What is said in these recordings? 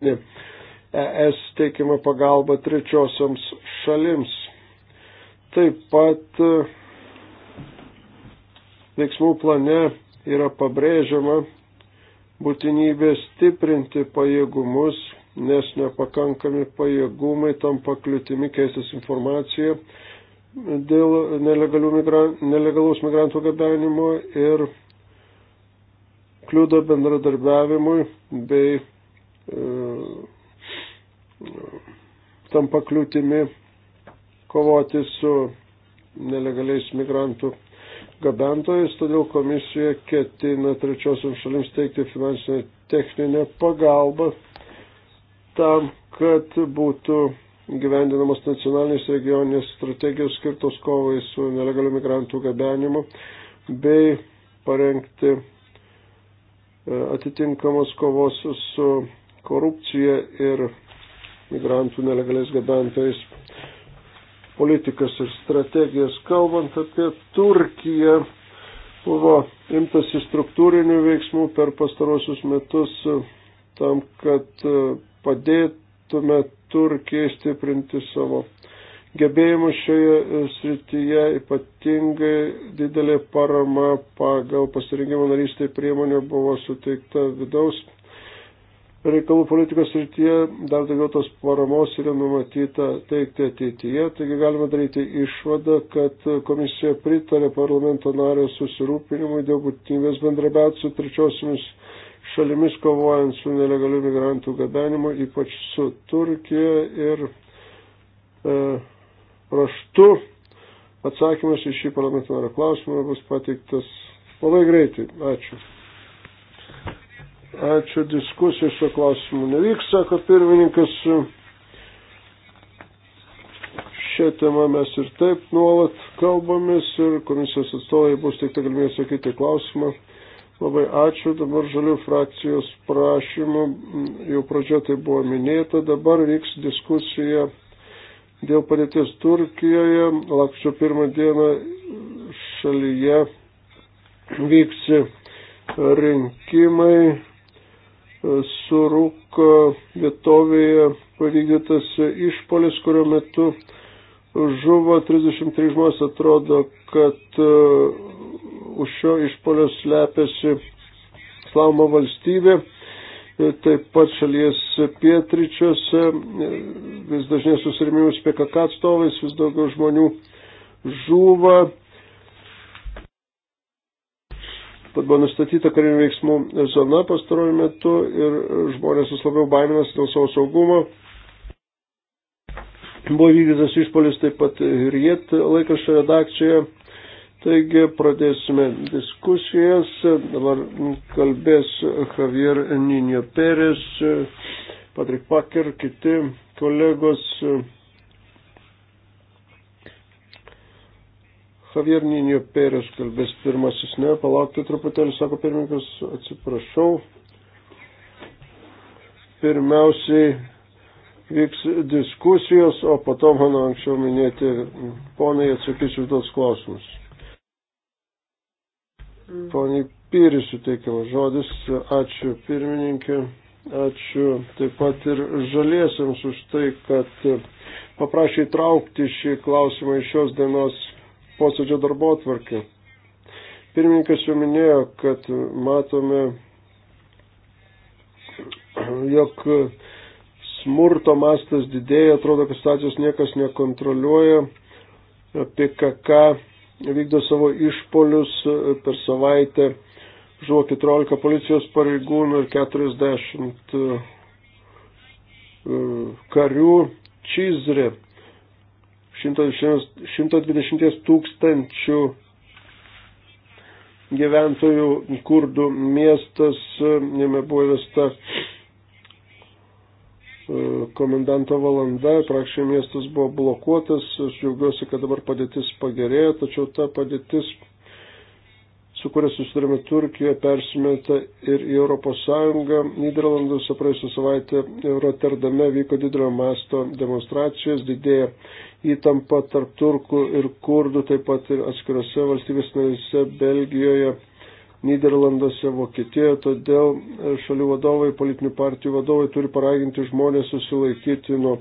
ES teikiama pagalba trečiosioms šalims. Taip pat e, veiksmų plane yra pabrėžiama būtinybė stiprinti pajėgumus, nes nepakankami pajėgumai tampa kliūtimi keistis informaciją dėl migra nelegalaus migrantų gabenimo ir kliūdo bendradarbiavimui bei e, tampa kliūtimi kovoti su nelegaliais migrantų gabentojais, todėl komisija ketina trečiosiam šalims teikti finansinę techninę pagalbą tam, kad būtų gyvendinamos nacionalinės regioninės strategijos skirtos kovai su nelegaliu migrantų gabenimu bei parengti e, atitinkamos kovos su korupcija ir migrantų nelegaliais gabentais politikas ir strategijas. Kalbant apie Turkiją, buvo imtasi struktūrinių veiksmų per pastarosius metus e, tam, kad e, padėtume Turkijai stiprinti savo gebėjimus šioje e, srityje, ypatingai didelė parama pagal pasirinkimo narystėje priemonė buvo suteikta vidaus reikalų politikos rytyje dar daugiau tos paramos yra numatyta teikti ateityje. Taigi galima daryti išvadą, kad komisija pritarė parlamento nario susirūpinimui dėl būtinybės bendrabiauti su trečiosiomis šalimis kovojant su nelegaliu migrantų gabenimu, ypač su Turkija ir e, raštu. Atsakymas į šį parlamentarą klausimą bus pateiktas labai greitai. Ačiū. Ačiū diskusijų šio klausimu. Nevyks, sako pirmininkas. Šią temą mes ir taip nuolat kalbamės ir komisijos atstovai bus tik tai galimybė sakyti klausimą. Labai ačiū. Dabar žalių frakcijos prašymų jau pradžia tai buvo minėta. Dabar vyks diskusija dėl padėties Turkijoje. Lakščio pirmą dieną šalyje vyks rinkimai Surūko e, vietovėje pavykdytas išpolis, kurio metu žuvo 33 žmonės. Atrodo, kad e, už šio išpolio slepiasi Islamo valstybė. E, taip pat šalies pietryčiuose vis dažnės susirimimus PKK atstovais, vis daugiau žmonių žūva Tad buvo nustatyta karinių veiksmų zona pastaruoju metu ir žmonės vis labiau baiminasi dėl savo saugumo. Buvo vykdytas išpolis taip pat ir jiet laikraščio redakcijoje. Taigi pradėsime diskusijas. Dabar kalbės Javier Ninio Perez, Patrik Paker, kiti kolegos. Javier Ninio Pérez kalbės pirmasis, ne, palaukti truputėlį, sako pirmininkas, atsiprašau. Pirmiausiai vyks diskusijos, o po to mano anksčiau minėti ponai atsakysiu tos klausimus. Poniai Pyri suteikiamas žodis, ačiū pirmininkė, ačiū taip pat ir žaliesiams už tai, kad paprašė įtraukti šį klausimą iš šios dienos posėdžio darbo atvarkė. Pirmininkas jau minėjo, kad matome, jog smurto mastas didėja, atrodo, kad stacijos niekas nekontroliuoja, PKK vykdo savo išpolius per savaitę, žuvo 14 policijos pareigūnų ir 40 e, karių Čizrė 120 tūkstančių gyventojų kurdų miestas, jame buvo įvesta e, komendanto valanda, prakščiai miestas buvo blokuotas, aš džiaugiuosi, kad dabar padėtis pagerėjo, tačiau ta padėtis su kuria susitarėme Turkijoje, persimeta ir į Europos Sąjungą. Niderlanduose praėjusią savaitę Rotterdame vyko didelio masto demonstracijos, didėja įtampa tarp turkų ir kurdų, taip pat ir atskirose valstybės narėse Belgijoje. Niderlanduose, Vokietijoje, todėl šalių vadovai, politinių partijų vadovai turi paraginti žmonės susilaikyti nuo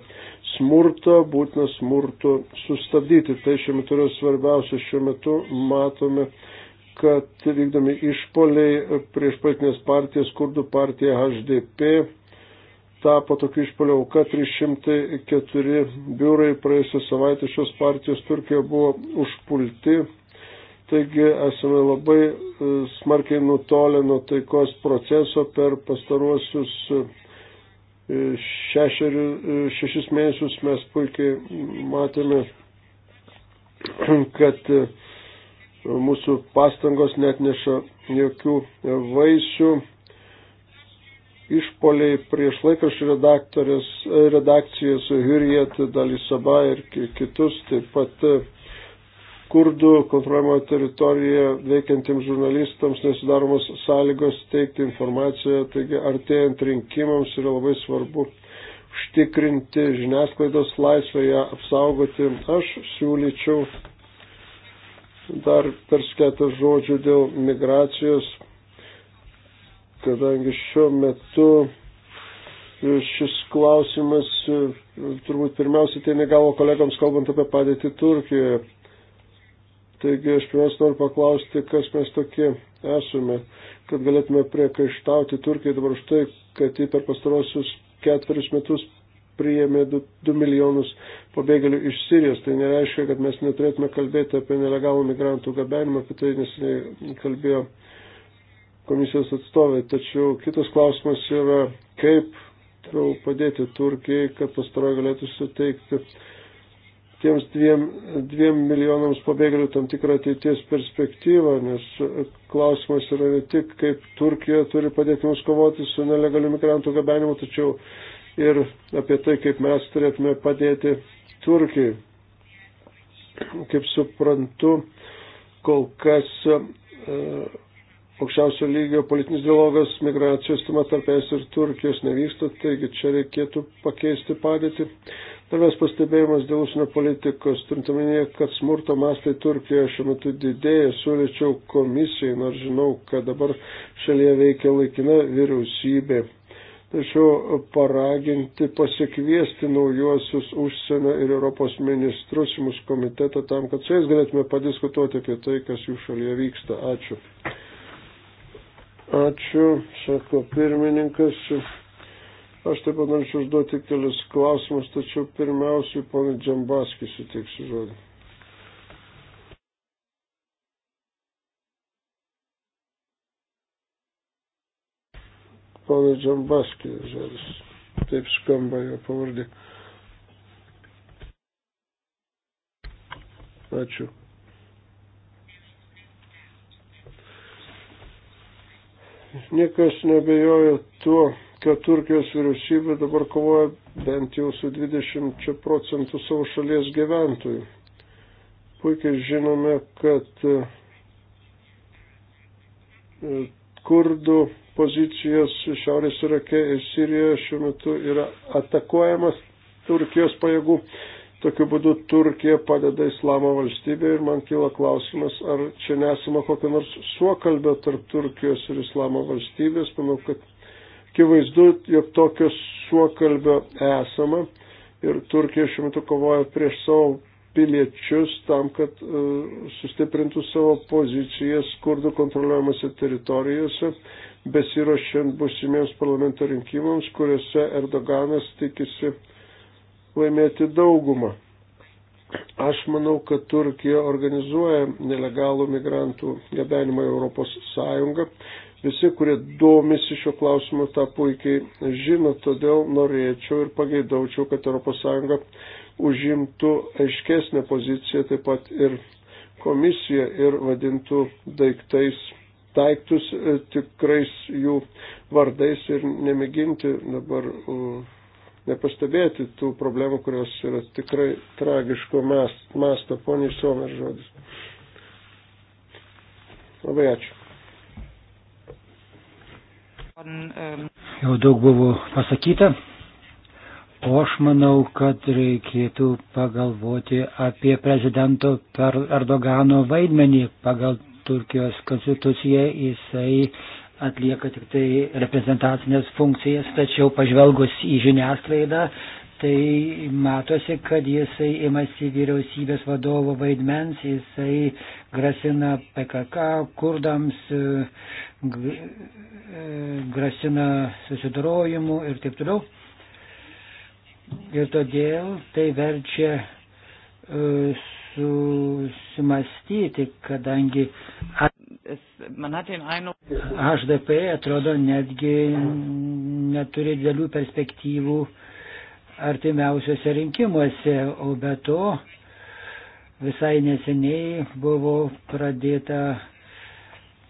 smurto, būtina smurto sustabdyti. Tai šiuo metu yra svarbiausia, šiuo metu matome kad vykdomi išpoliai prieš politinės partijas, kurdų partija HDP tapo tokių išpolių auka 304 biurai praėjusią savaitę šios partijos Turkijoje buvo užpulti. Taigi esame labai e, smarkiai nutolę nuo taikos proceso per pastaruosius e, šešerių, e, šešis mėnesius mes puikiai matėme, kad mūsų pastangos net neša jokių vaisių. Išpoliai prieš laikraščių redakcijas Hurriet, Dalisaba ir kitus, taip pat e, kurdų kontroliuojamoje teritorijoje veikiantiems žurnalistams nesudaromos sąlygos teikti informaciją, taigi artėjant rinkimams yra labai svarbu užtikrinti žiniasklaidos laisvę, ją apsaugoti. Aš siūlyčiau dar tars keletą žodžių dėl migracijos, kadangi šiuo metu šis klausimas turbūt pirmiausia tai negavo kolegams kalbant apie padėtį Turkijoje. Taigi aš pirmiausia noriu paklausti, kas mes tokie esame, kad galėtume priekaištauti Turkijai dabar už tai, kad ji per pastarosius ketverius metus priėmė 2 milijonus pabėgėlių iš Sirijos. Tai nereiškia, kad mes neturėtume kalbėti apie nelegalų migrantų gabenimą, apie tai nesiniai kalbėjo komisijos atstovai. Tačiau kitas klausimas yra, kaip padėti Turkijai, kad pastaroji galėtų suteikti tiems dviem, dviem milijonams pabėgėlių tam tikrą ateities perspektyvą, nes klausimas yra ne tik, kaip Turkija turi padėti mums kovoti su nelegaliu migrantų gabenimu, tačiau ir apie tai, kaip mes turėtume padėti Turkijai. Kaip suprantu, kol kas e, aukščiausio lygio politinis dialogas migracijos tema tarp es ir Turkijos nevyksta, taigi čia reikėtų pakeisti padėtį. Dar mes pastebėjimas dėl užsienio politikos, turint omenyje, kad smurto mastai Turkijoje šiuo metu didėja, siūlyčiau komisijai, nors žinau, kad dabar šalyje veikia laikina vyriausybė tačiau paraginti pasikviesti naujuosius užsienio ir Europos ministrus į mūsų komitetą tam, kad su jais galėtume padiskutuoti apie tai, kas jų šalyje vyksta. Ačiū. Ačiū, sako pirmininkas. Aš taip pat norėčiau užduoti kelius klausimus, tačiau pirmiausiai ponai Džambaskį suteiksiu žodį. ponui Džambaskį žodis. Taip skamba jo pavardė. Ačiū. Niekas nebejoja tuo, kad Turkijos vyriausybė dabar kovoja bent jau su 20 procentų savo šalies gyventojų. Puikiai žinome, kad e, kurdų pozicijos Šiaurės Irake ir Sirijoje šiuo metu yra atakuojamas Turkijos pajėgų. Tokiu būdu Turkija padeda Islamo valstybė ir man kyla klausimas, ar čia nesama kokio nors suokalbio tarp Turkijos ir Islamo valstybės. Manau, kad akivaizdu, jog tokio suokalbio esama ir Turkija šiuo metu kovoja prieš savo piliečius tam, kad uh, sustiprintų savo pozicijas kurdų kontroliuojamose teritorijose besirošiant busimiems parlamento rinkimams, kuriuose Erdoganas tikisi laimėti daugumą. Aš manau, kad Turkija organizuoja nelegalų migrantų gabenimą į Europos Sąjungą. Visi, kurie domisi šio klausimo, tą puikiai žino, todėl norėčiau ir pageidaučiau, kad ES užimtų aiškesnę poziciją, taip pat ir komisija ir vadintų daiktais daiktus e, tikrais jų vardais ir nemėginti dabar e, nepastebėti tų problemų, kurios yra tikrai tragiško masto. Poniai Somer žodis. Labai ačiū. Jau daug buvo pasakyta, o aš manau, kad reikėtų pagalvoti apie prezidento Erdogano vaidmenį pagal Turkijos konstituciją, jisai atlieka tik tai reprezentacinės funkcijas, tačiau pažvelgus į žiniasklaidą, tai matosi, kad jisai imasi vyriausybės vadovo vaidmens, jisai grasina PKK kurdams, e, e, grasina susidorojimu ir taip toliau. Ir todėl tai verčia e, susimastyti, kadangi HDP atrodo netgi neturi didelių perspektyvų artimiausiuose rinkimuose, o be to visai neseniai buvo pradėta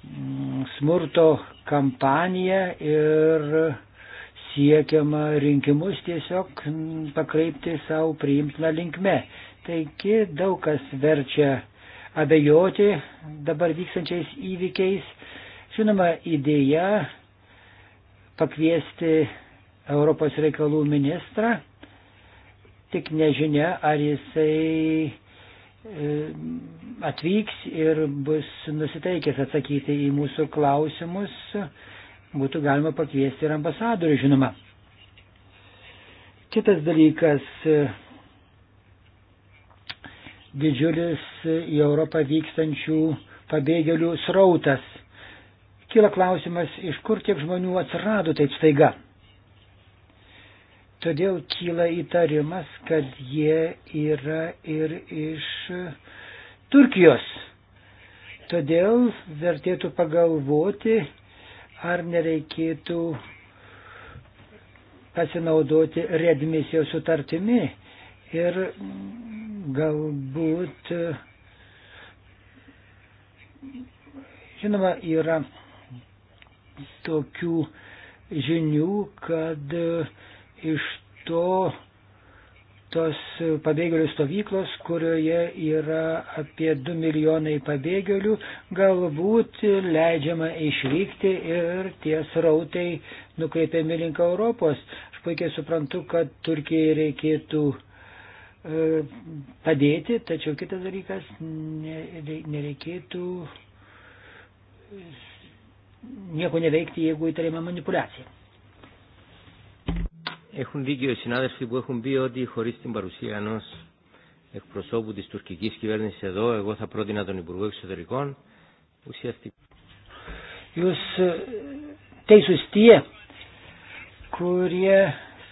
mm, smurto kampanija ir siekiama rinkimus tiesiog pakreipti savo priimtiną linkme. Taigi daug kas verčia abejoti dabar vykstančiais įvykiais. Žinoma, idėja pakviesti Europos reikalų ministrą, tik nežinia, ar jisai e, atvyks ir bus nusiteikęs atsakyti į mūsų klausimus, būtų galima pakviesti ir ambasadorių, žinoma. Kitas dalykas didžiulis į Europą vykstančių pabėgėlių srautas. Kila klausimas, iš kur tiek žmonių atsirado taip staiga. Todėl kyla įtarimas, kad jie yra ir iš Turkijos. Todėl vertėtų pagalvoti, ar nereikėtų pasinaudoti redmisijos sutartimi ir Galbūt, žinoma, yra tokių žinių, kad e, iš to tos pabėgėlių stovyklos, kurioje yra apie 2 milijonai pabėgėlių, galbūt leidžiama išvykti ir tie srautai nukreipiami link Europos. Aš puikiai suprantu, kad Turkijai reikėtų E, padėti, tačiau kitas dalykas, nereikėtų nieko neveikti, jeigu įtariama manipulacija. Έχουν δίκιο οι συνάδελφοι που έχουν πει ότι χωρί την παρουσία ενό εκπροσώπου τη τουρκική κυβέρνηση εδώ, εγώ θα πρότεινα τον Υπουργό Εξωτερικών ουσιαστικά. Jūs teisus tie, kurie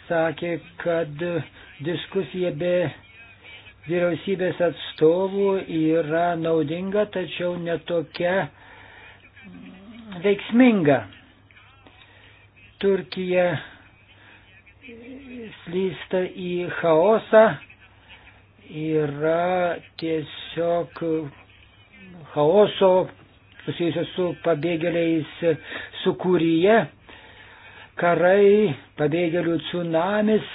sakė, kad uh, diskusija be vyriausybės atstovų yra naudinga, tačiau netokia veiksminga. Turkija slysta į chaosą, yra tiesiog chaoso susijusio su pabėgėliais sukūryje, karai, pabėgėlių tsunamis,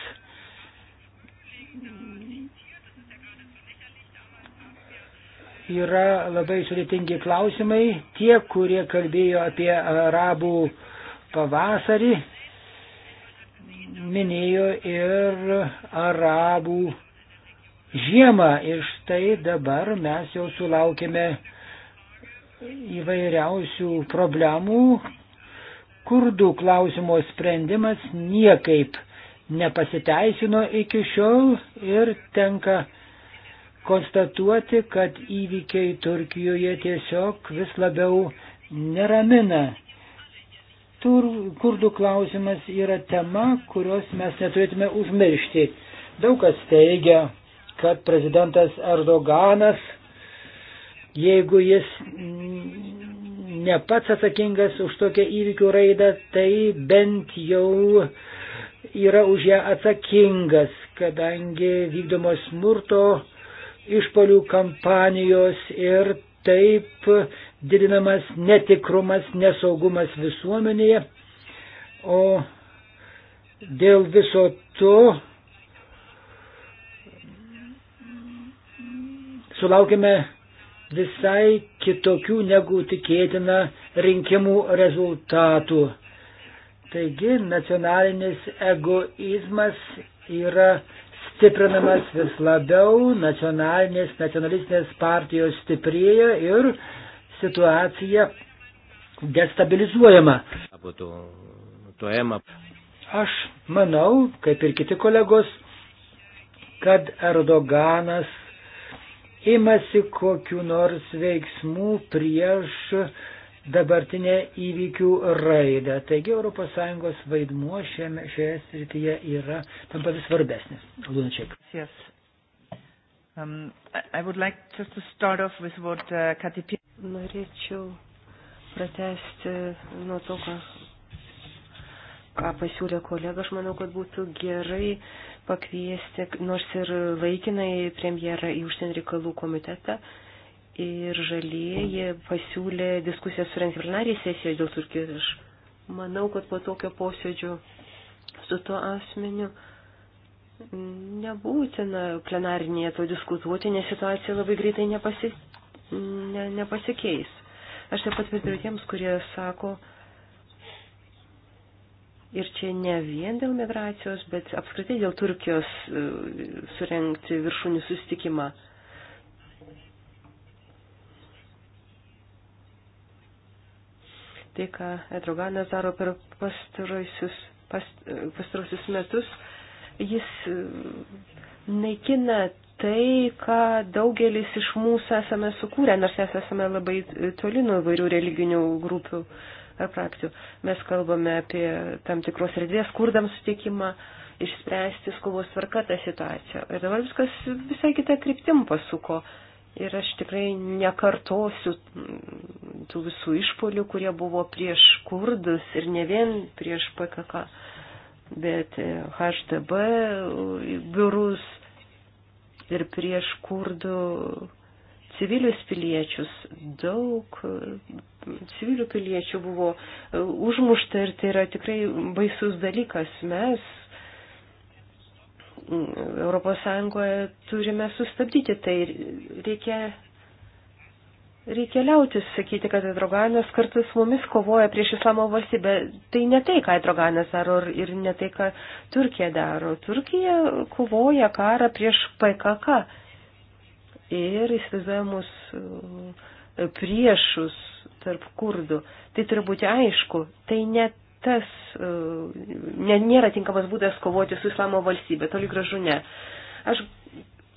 yra labai sudėtingi klausimai. Tie, kurie kalbėjo apie arabų pavasarį, minėjo ir arabų žiemą. Ir štai dabar mes jau sulaukime įvairiausių problemų. Kurdų klausimo sprendimas niekaip nepasiteisino iki šiol ir tenka konstatuoti, kad įvykiai Turkijoje tiesiog vis labiau neramina. Tur, kurdų klausimas yra tema, kurios mes neturėtume užmiršti. Daug kas teigia, kad prezidentas Erdoganas, jeigu jis ne pats atsakingas už tokią įvykių raidą, tai bent jau yra už ją atsakingas, kadangi vykdomos smurto išpolių kampanijos ir taip didinamas netikrumas, nesaugumas visuomenėje. O dėl viso to sulaukime visai kitokių negu tikėtina rinkimų rezultatų. Taigi nacionalinis egoizmas yra stiprinamas vis labiau, nacionalinės, nacionalistinės partijos stiprėja ir situacija destabilizuojama. Aš manau, kaip ir kiti kolegos, kad Erdoganas imasi kokiu nors veiksmu prieš uh, dabartinę įvykių raidą. Taigi ES vaidmuo šiame, šioje srityje yra tampa vis svarbesnis. Lunačiak. Yes. Um, like what, uh, Norėčiau pratesti nuo to, ką, ką pasiūlė kolega. Aš manau, kad būtų gerai pakviesti nors ir laikinai premjerą į užsienio reikalų komitetą. Uh, ir žalieji pasiūlė diskusiją surengti plenarį sesiją dėl Turkijos. Aš manau, kad po tokio posėdžio su tuo asmeniu nebūtina plenarinėje to diskutuoti, nes situacija labai greitai nepasi, ne, nepasikeis. Aš taip pat pritariu tiems, kurie sako, ir čia ne vien dėl migracijos, bet apskritai dėl Turkijos e, surengti viršūnių sustikimą. tai, ką Edroganas daro per pastarosius, past, pastarosius metus, jis e, naikina tai, ką daugelis iš mūsų esame sukūrę, nors mes esame labai e, toli nuo įvairių religinių grupių ar praktikų. Mes kalbame apie tam tikros erdvės kurdam sutikimą, išspręsti skubos tvarka tą situaciją. Ir dabar viskas visai kitą kryptim pasuko. Ir aš tikrai nekartosiu tų visų išpolių, kurie buvo prieš kurdus ir ne vien prieš PKK, bet e, HDB e, biurus ir prieš kurdų civilius piliečius. Daug e, civilių piliečių buvo užmušta ir tai yra tikrai baisus dalykas. Mes ES turime sustabdyti tai ir reikia Reikia liautis sakyti, kad Erdoganas kartu su mumis kovoja prieš islamo valstybę. Tai ne tai, ką Erdoganas daro ir ne tai, ką Turkija daro. Turkija kovoja karą prieš PKK ir įsivaizduojamus e, priešus tarp kurdų. Tai turi būti aišku. Tai ne tas, e, ne, nėra tinkamas būdas kovoti su islamo valstybė. Toli gražu ne. Aš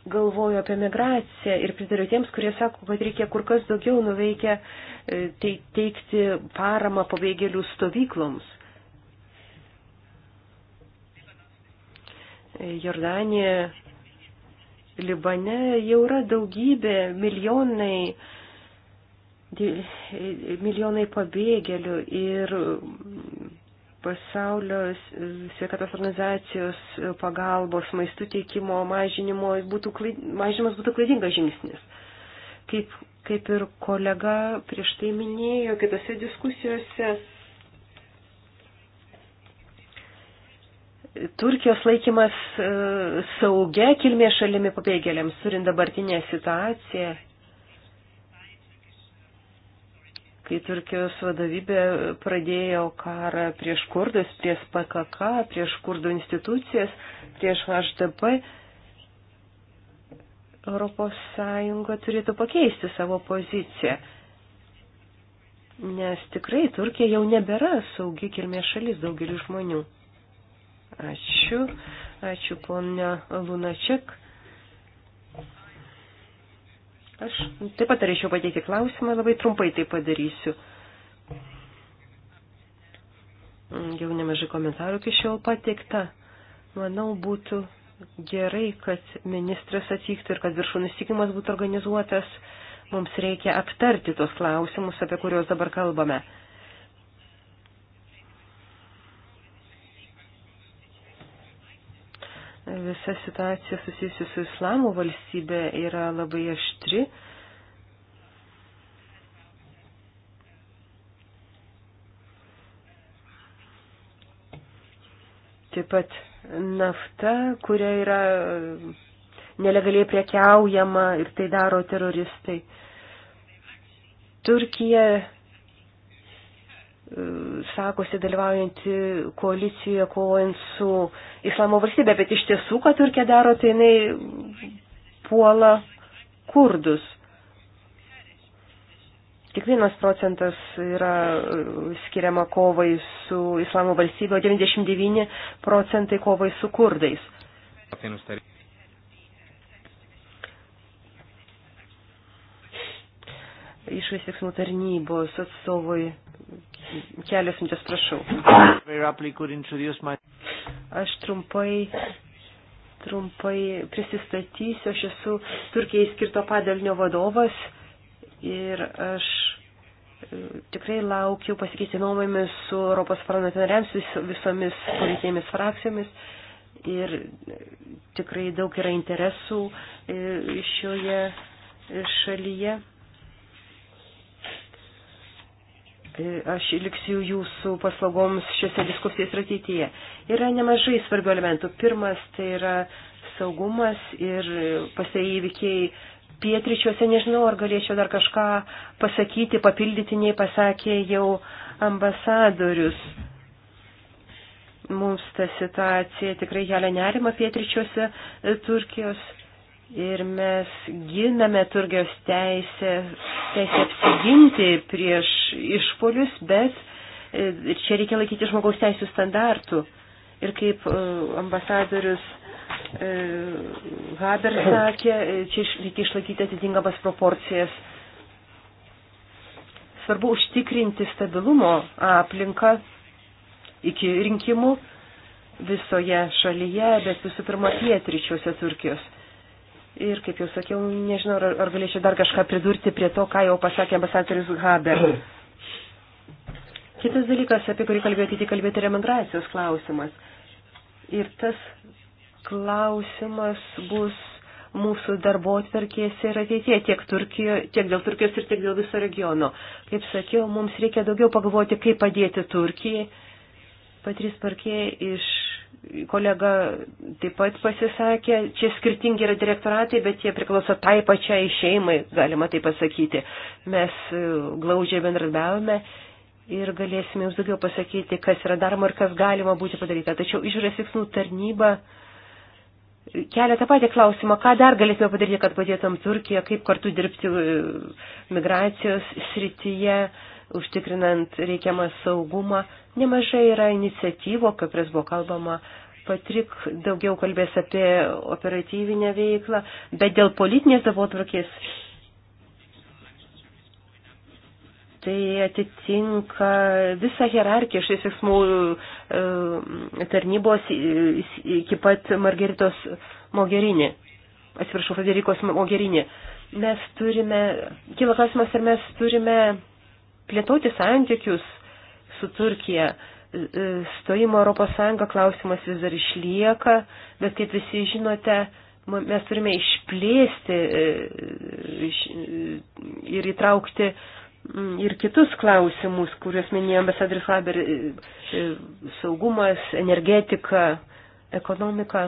galvoju apie migraciją ir pritariu tiems, kurie sako, kad reikia kur kas daugiau nuveikia e, teikti paramą pabėgėlių stovykloms. E, Jordanija, Libane jau yra daugybė milijonai, e, milijonai pabėgėlių ir pasaulio sveikatos organizacijos pagalbos maistų teikimo mažinimo būtų klaid, mažinimas būtų klaidingas žingsnis. Kaip, kaip ir kolega prieš tai minėjo kitose diskusijose, Turkijos laikymas e, saugia kilmės šalimi pabėgėliams, turint dabartinę situaciją, kai Turkijos vadovybė pradėjo karą prieš kurdus, prieš PKK, prieš kurdų institucijas, prieš HDP, ES turėtų pakeisti savo poziciją. Nes tikrai Turkija jau nebėra saugi kilmės šalis daugeliu žmonių. Ačiū, ačiū ponia Lunaček. Aš taip pat norėčiau pateikti klausimą, labai trumpai tai padarysiu. Jau nemažai komentarų iki šiol pateikta. Manau, būtų gerai, kad ministras atvyktų ir kad viršūnų stikimas būtų organizuotas. Mums reikia aptarti tos klausimus, apie kuriuos dabar kalbame. Visa situacija susijusi su islamo valstybė yra labai aštri. Taip pat nafta, kuria yra nelegaliai priekiaujama ir tai daro teroristai. Turkija sakosi dalyvaujanti koalicijoje kovojant su islamo valstybė, bet iš tiesų, ką Turkija daro, tai jinai puola kurdus. Tik vienas procentas yra e, skiriama kovai su islamo valstybė, o 99 procentai kovai su kurdais. Išvės veiksmų tarnybos atstovai kelias mintis, prašau. Aš trumpai, trumpai prisistatysiu, aš esu Turkijai skirto padalinio vadovas ir aš e, tikrai laukiu pasikeisti nuomonėmis su Europos parlamento nariams vis, visomis politinėmis frakcijomis. Ir e, tikrai daug yra interesų e, šioje šalyje. E, aš liksiu jūsų paslaugoms šiuose diskusijos ir ateityje. Yra nemažai svarbių elementų. Pirmas tai yra saugumas ir pasieįvykiai pietričiuose. Nežinau, ar galėčiau dar kažką pasakyti, papildyti, nei pasakė jau ambasadorius. Mums ta situacija tikrai kelia nerima pietričiuose e, Turkijos Ir mes giname Turkijos teisę, teisę apsiginti prieš išpolius, bet e, čia reikia laikyti žmogaus teisų standartų. Ir kaip e, ambasadorius e, Haber sakė, čia reikia išlaikyti atitinkamas proporcijas. Svarbu užtikrinti stabilumo aplinką iki rinkimų visoje šalyje, bet visų pirma pietričiuose Turkijos. Ir kaip jau sakiau, nežinau, ar, ar galėčiau dar kažką pridurti prie to, ką jau pasakė ambasadorius Haber. Kitas dalykas, apie kurį kalbėjote, tai kalbėti remandracijos klausimas. Ir tas klausimas bus mūsų darbo atverkėse ir ateitie, tiek, Turkijo, tiek dėl Turkijos ir tiek dėl viso regiono. Kaip sakiau, mums reikia daugiau pagalvoti, kaip padėti Turkijai. Patrys Parkė iš kolega taip pat pasisakė, čia skirtingi yra direktoratai, bet jie priklauso tai pačiai šeimai, galima tai pasakyti. Mes e, glaudžiai bendradarbiavome ir galėsime jums daugiau pasakyti, kas yra daroma ir kas galima būti padaryta. Tačiau išorės veiksmų tarnyba kelia tą patį klausimą, ką dar galėsime padaryti, kad padėtum Turkiją, kaip kartu dirbti e, migracijos srityje užtikrinant reikiamą saugumą. Nemažai yra iniciatyvo, kaip pras buvo kalbama, Patrik daugiau kalbės apie operatyvinę veiklą, bet dėl politinės davotvarkės tai atitinka visą hierarchiją šiais veiksmų e, tarnybos e, iki pat Margeritos Mogerinį. Atsiprašau, Federikos Mogerinį. Mes turime, kila klausimas, ar mes turime plėtoti santykius su Turkija. E, e, stojimo Europos Sąjunga klausimas vis dar išlieka, bet kaip visi žinote, mes turime išplėsti e, ir įtraukti ir kitus klausimus, kuriuos minėjo ambasadris Haber, saugumas, energetika, ekonomika.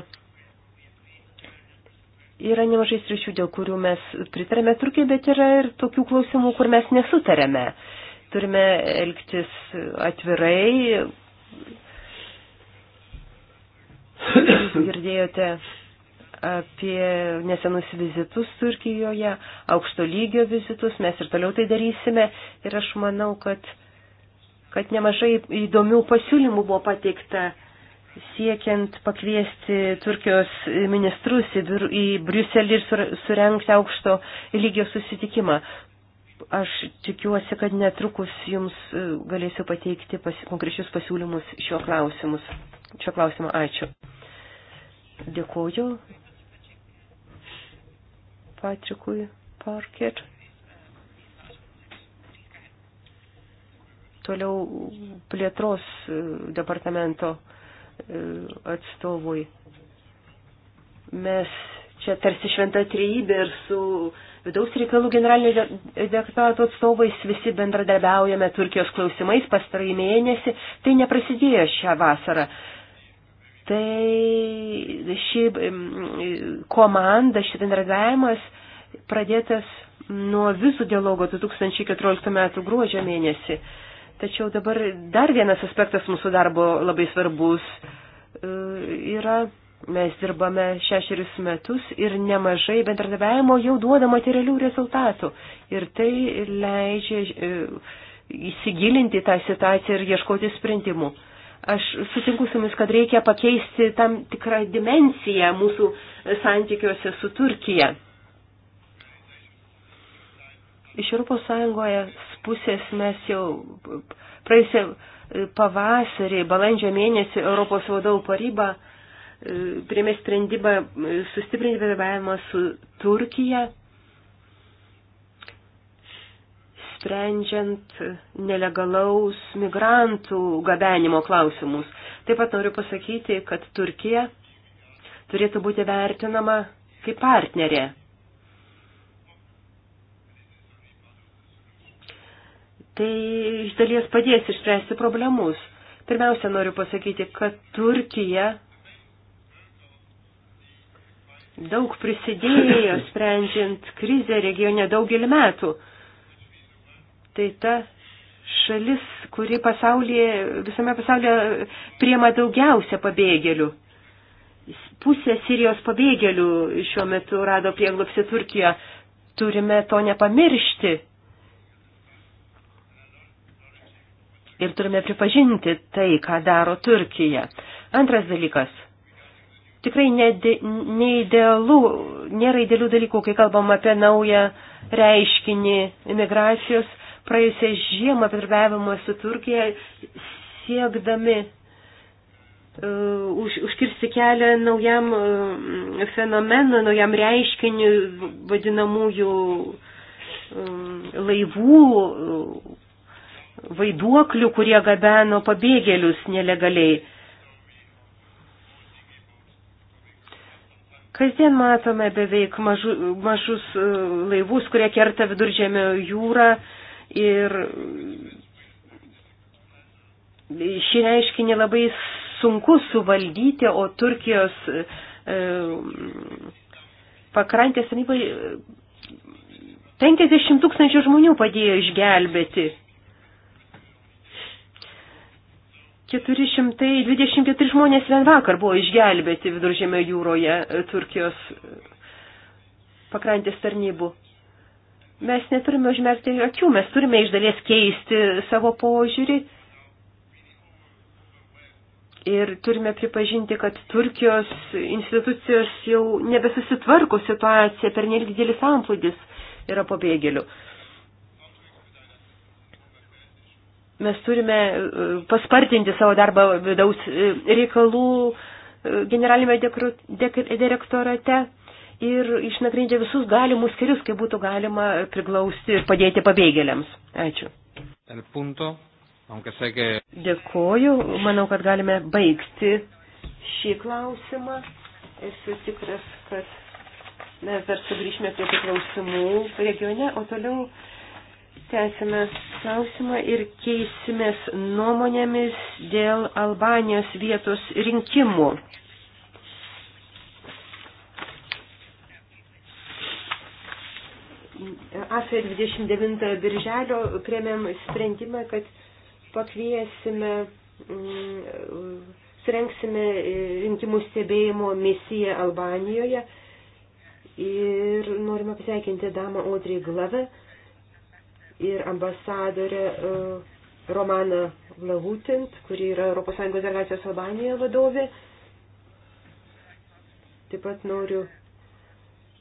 Yra nemažai sričių, dėl kurių mes pritarėme Turkijai, bet yra ir tokių klausimų, kur mes nesutarėme. Turime elgtis atvirai. Girdėjote apie nesenus vizitus Turkijoje, aukšto lygio vizitus, mes ir toliau tai darysime ir aš manau, kad, kad nemažai įdomių pasiūlymų buvo pateikta siekiant pakviesti Turkijos ministrus į, į Briuselį ir surenkti aukšto lygio susitikimą. Aš tikiuosi, kad netrukus jums e, galėsiu pateikti pas, konkrečius pasiūlymus šiuo klausimus. Šio klausimo ačiū. Dėkuoju Patrikui Parker. Toliau plėtros e, departamento e, atstovui. Mes čia tarsi šventa trejybė ir su uh, Vidaus reikalų generalinio direktorato atstovais visi bendradarbiaujame Turkijos klausimais pastarąjį mėnesį. Tai neprasidėjo šią vasarą. Tai ši komanda, šis bendradarbiavimas pradėtas nuo visų dialogo 2014 metų gruodžio mėnesį. Tačiau dabar dar vienas aspektas mūsų darbo labai svarbus e, yra Mes dirbame šešerius metus ir nemažai bendradarbiavimo jau duoda materialių rezultatų. Ir tai leidžia e, įsigilinti tą situaciją ir ieškoti sprendimų. Aš sutinku su jumis, kad reikia pakeisti tam tikrą dimensiją mūsų santykiuose su Turkija. Iš ES pusės mes jau praėjusią pavasarį, balandžio mėnesį Europos vadovų paryba priėmė sprendimą e, sustiprinti bendradarbiavimą su Turkija, sprendžiant nelegalaus migrantų gabenimo klausimus. Taip pat noriu pasakyti, kad Turkija turėtų būti vertinama kaip partnerė. Tai iš dalies padės išspręsti problemus. Pirmiausia, noriu pasakyti, kad Turkija daug prisidėjo sprendžiant krizę regione daugelį metų. Tai ta šalis, kuri pasaulyje, visame pasaulyje priema daugiausia pabėgėlių. Pusė Sirijos pabėgėlių šiuo metu rado prieglopsi Turkijoje. Turime to nepamiršti. Ir turime pripažinti tai, ką daro Turkija. Antras dalykas tikrai neidealu, nėra idealių dalykų, kai kalbam apie naują reiškinį imigracijos. Praėjusią žiemą bendradarbiavimo su Turkija siekdami uh, už, užkirsti kelią naujam uh, fenomenui, naujam reiškiniui vadinamųjų uh, laivų uh, vaiduoklių, kurie gabeno pabėgėlius nelegaliai. Uh, Kasdien matome beveik mažu, mažus e, laivus, kurie kerta viduržėmio jūrą ir šį reiškinį labai sunku suvaldyti, o Turkijos e, pakrantės 50 e, tūkstančių žmonių padėjo išgelbėti 424 žmonės vien vakar buvo išgelbėti viduržėme jūroje e, Turkijos e, pakrantės tarnybų. Mes neturime užmerkti akių, mes turime iš dalies keisti savo požiūrį ir turime pripažinti, kad Turkijos institucijos jau nebesusitvarko situaciją, per nedidelis amplūdis yra pabėgėlių. Mes turime e, paspartinti savo darbą vidaus e, reikalų e, generalinėme direktorate ir išnagrindžia visus galimus kelius, kaip būtų galima priglausti ir padėti pabėgėliams. Ačiū. Dėkoju. Manau, kad galime baigti šį klausimą. Esu tikras, kad mes dar sugrįšime prie tų klausimų regione, o toliau Tęsime klausimą ir keisimės nuomonėmis dėl Albanijos vietos rinkimų. AFE 29 birželio priemėm sprendimą, kad pakviesime, mm, surenksime rinkimų stebėjimo misiją Albanijoje ir norime pasveikinti damą Audrey Glave ir ambasadorė e, Romana Lahutint, kuri yra ES delegacijos Albanijoje vadovė. Taip pat noriu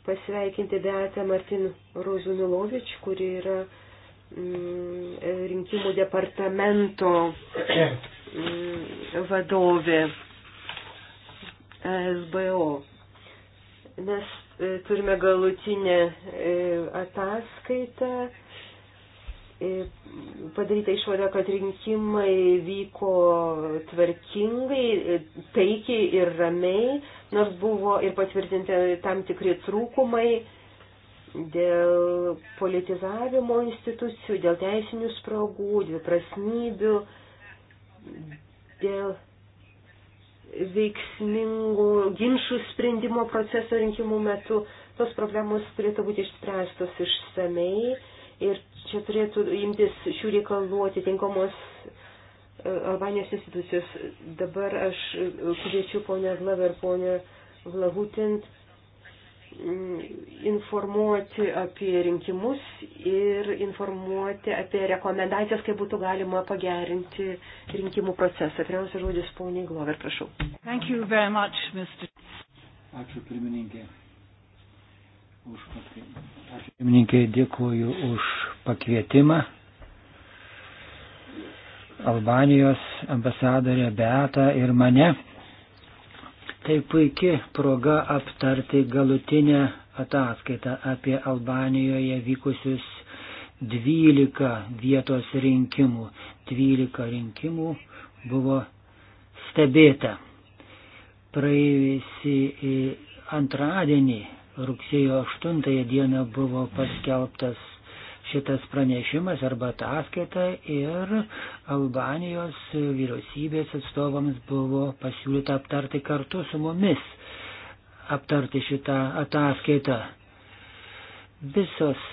pasveikinti Beatę Martin Rozunilovič, kuri yra mm, rinkimų departamento mm, vadovė SBO. Mes e, turime galutinę e, ataskaitą padaryta išvada, kad rinkimai vyko tvarkingai, taikiai ir ramiai, nors buvo ir patvirtinti tam tikri trūkumai dėl politizavimo institucijų, dėl teisinių spragų, dviprasmybių, dėl veiksmingų ginčių sprendimo proceso rinkimų metu. Tos problemos turėtų būti išspręstos išsamei ir čia turėtų imtis šių reikalų atitinkamos e, Albanijos institucijos. Dabar aš e, kviečiu ponę Glaver, ponę Vlahutent mm, informuoti apie rinkimus ir informuoti apie rekomendacijas, kaip būtų galima pagerinti rinkimų procesą. Pirmiausia, žodis poniai Glover, prašau. Much, Ačiū, pirmininkė. Pirmininkai, dėkuoju už pakvietimą. Albanijos ambasadorė Beata ir mane. Tai puikia proga aptarti galutinę ataskaitą apie Albanijoje vykusius 12 vietos rinkimų. 12 rinkimų buvo stebėta. Praėjusį antradienį rugsėjo 8 dieną buvo paskelbtas šitas pranešimas arba ataskaita ir Albanijos vyriausybės atstovams buvo pasiūlyta aptarti kartu su mumis, aptarti šitą ataskaitą. Visos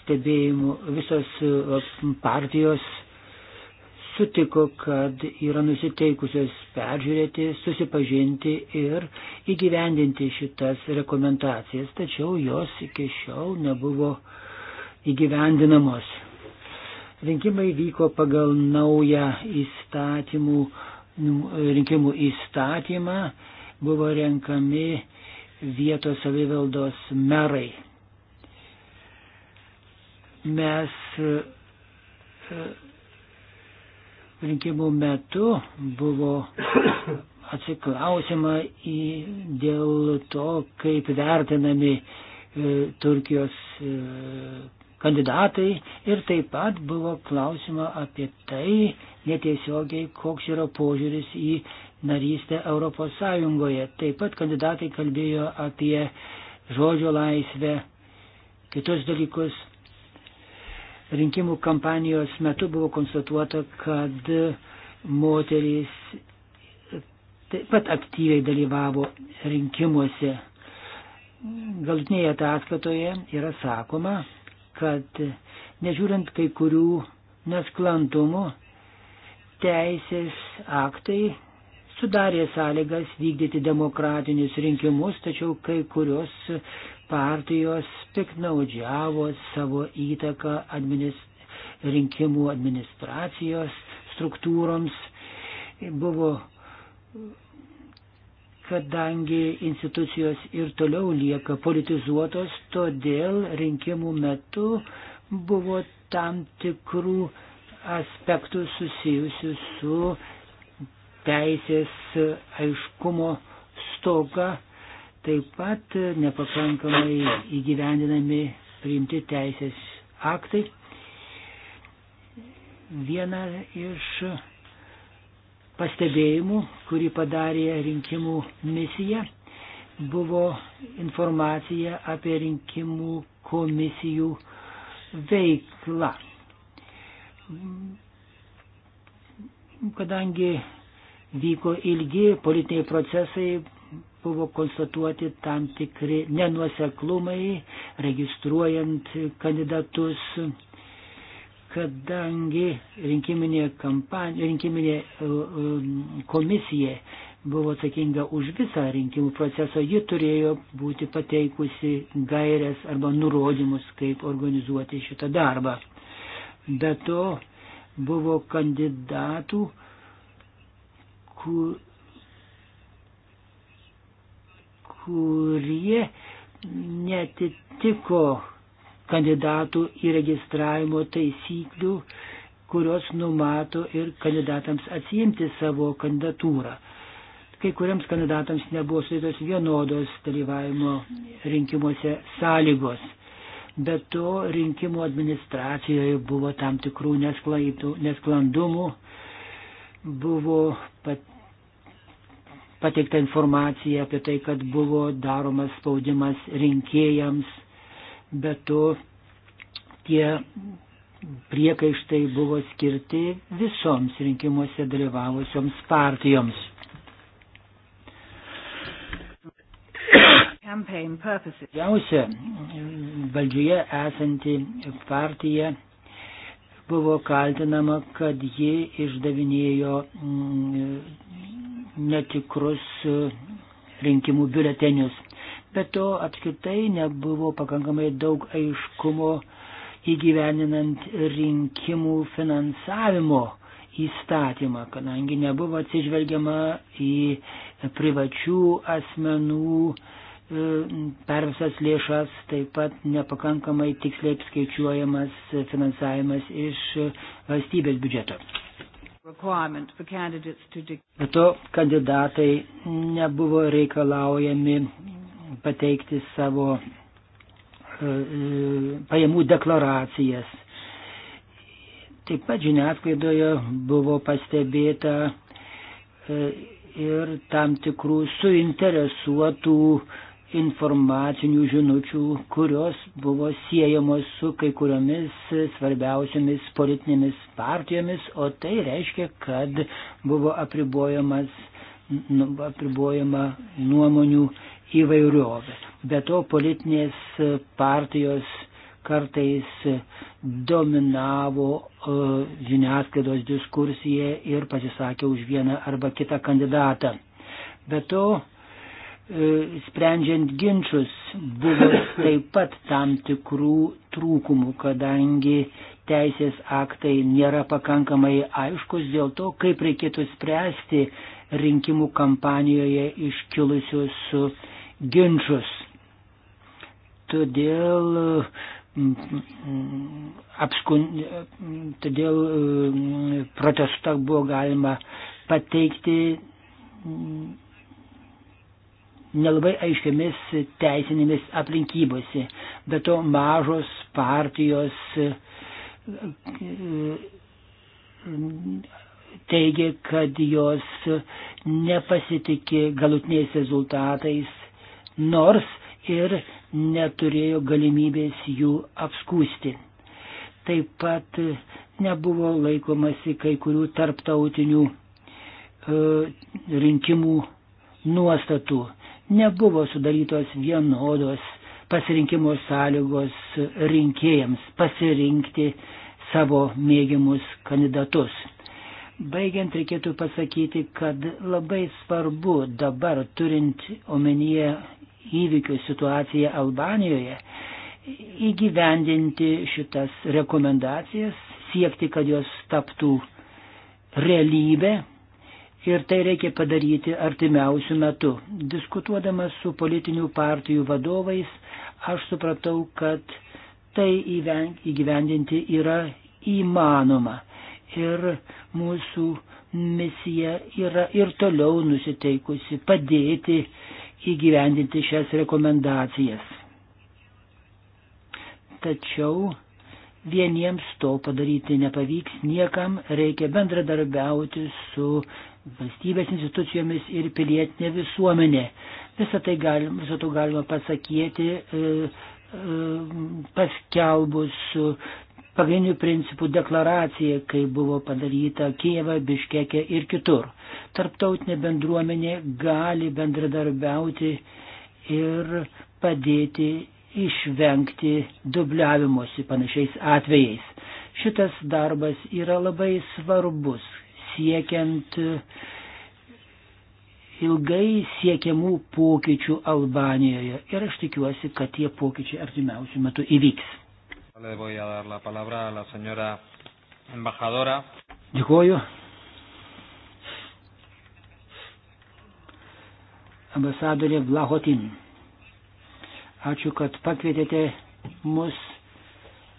stebėjimų, visos um, partijos sutiko, kad yra nusiteikusios peržiūrėti, susipažinti ir įgyvendinti šitas rekomendacijas, tačiau jos iki šiol nebuvo įgyvendinamos. Rinkimai vyko pagal naują įstatymų, nu, rinkimų įstatymą, buvo renkami vietos savivaldos merai. Mes rinkimų metu buvo atsiklausima į, dėl to, kaip vertinami e, Turkijos e, kandidatai ir taip pat buvo klausima apie tai netiesiogiai, koks yra požiūris į narystę Europos Sąjungoje. Taip pat kandidatai kalbėjo apie žodžio laisvę, kitus dalykus rinkimų kampanijos metu buvo konstatuota, kad moterys taip pat aktyviai dalyvavo rinkimuose. Galutinėje ataskatoje yra sakoma, kad nežiūrint kai kurių nesklandumų, teisės aktai sudarė sąlygas vykdyti demokratinius rinkimus, tačiau kai kurios partijos piknaudžiavo savo įtaką administ... rinkimų administracijos struktūroms. Buvo, kadangi institucijos ir toliau lieka politizuotos, todėl rinkimų metu buvo tam tikrų aspektų susijusių su teisės aiškumo stoka Taip pat nepakankamai įgyvendinami priimti teisės aktai. Viena iš pastebėjimų, kurį padarė rinkimų misija, buvo informacija apie rinkimų komisijų veiklą. Kadangi vyko ilgi politiniai procesai, buvo konstatuoti tam tikri nenuoseklumai, registruojant kandidatus, kadangi rinkiminė, kampanija, rinkiminė e, e, komisija buvo atsakinga už visą rinkimų procesą, ji turėjo būti pateikusi gairias arba nurodymus, kaip organizuoti šitą darbą. Be to buvo kandidatų, kur kurie netitiko kandidatų įregistravimo taisyklių, kurios numato ir kandidatams atsiimti savo kandidatūrą. Kai kuriems kandidatams nebuvo sudėtos vienodos dalyvavimo rinkimuose sąlygos. Be to rinkimų administracijoje buvo tam tikrų nesklandumų, buvo pat pateikta informacija apie tai, kad buvo daromas spaudimas rinkėjams, bet to tie priekaištai buvo skirti visoms rinkimuose dalyvavusioms partijoms. Didžiausia valdžioje esanti partija buvo kaltinama, kad ji išdavinėjo mm, netikrus e, rinkimų biuletenius. Bet to apskritai nebuvo pakankamai daug aiškumo įgyveninant rinkimų finansavimo įstatymą, kadangi nebuvo atsižvelgiama į privačių asmenų e, pervisas lėšas, taip pat nepakankamai tiksliai apskaičiuojamas finansavimas iš valstybės biudžeto. Be to, kandidatai nebuvo reikalaujami pateikti savo e, pajamų deklaracijas. Taip pat žiniasklaidoje buvo pastebėta e, ir tam tikrų suinteresuotų uh, informacinių žinučių, kurios buvo siejamos su kai kuriomis svarbiausiamis politinėmis partijomis, o tai reiškia, kad buvo apribojamas, nu, apribojama nuomonių įvairovė. Be to politinės partijos kartais dominavo uh, žiniasklaidos diskursiją ir pasisakė už vieną arba kitą kandidatą. Be to, E, sprendžiant ginčius buvo taip pat tam tikrų trūkumų, kadangi teisės aktai nėra pakankamai aiškus dėl to, kaip reikėtų spręsti rinkimų kampanijoje iškilusius ginčius. Todėl, apskun, todėl protestą buvo galima pateikti nelabai aiškiamis teisinėmis aplinkybose. Be to mažos partijos e, teigia, kad jos nepasitikė galutiniais rezultatais, nors ir neturėjo galimybės jų apskūsti. Taip pat nebuvo laikomasi kai kurių tarptautinių e, rinkimų nuostatų nebuvo sudarytos vienodos pasirinkimo sąlygos rinkėjams pasirinkti savo mėgiamus kandidatus. Baigiant reikėtų pasakyti, kad labai svarbu dabar turint omenyje įvykių situaciją Albanijoje įgyvendinti šitas rekomendacijas, siekti, kad jos taptų realybė, Ir tai reikia padaryti artimiausių metų. Diskutuodamas su politinių partijų vadovais, aš supratau, kad tai įgyvendinti yra įmanoma. Ir mūsų misija yra ir toliau nusiteikusi padėti įgyvendinti šias rekomendacijas. Tačiau vieniems to padaryti nepavyks, niekam reikia bendradarbiauti su valstybės institucijomis ir pilietinė visuomenė. Visą tai galima, visą to galima pasakyti e, e, paskelbus pagrindinių principų deklaraciją, kai buvo padaryta Kijeva, Biškekė ir kitur. Tarptautinė bendruomenė gali bendradarbiauti ir padėti išvengti dubliavimuose panašiais atvejais. Šitas darbas yra labai svarbus, siekiant ilgai siekiamų pokyčių Albanijoje. Ir aš tikiuosi, kad tie pokyčiai artimiausių metų įvyks. Dėkuoju. Ambasadorė Vlahotin. Ačiū, kad pakvietėte mus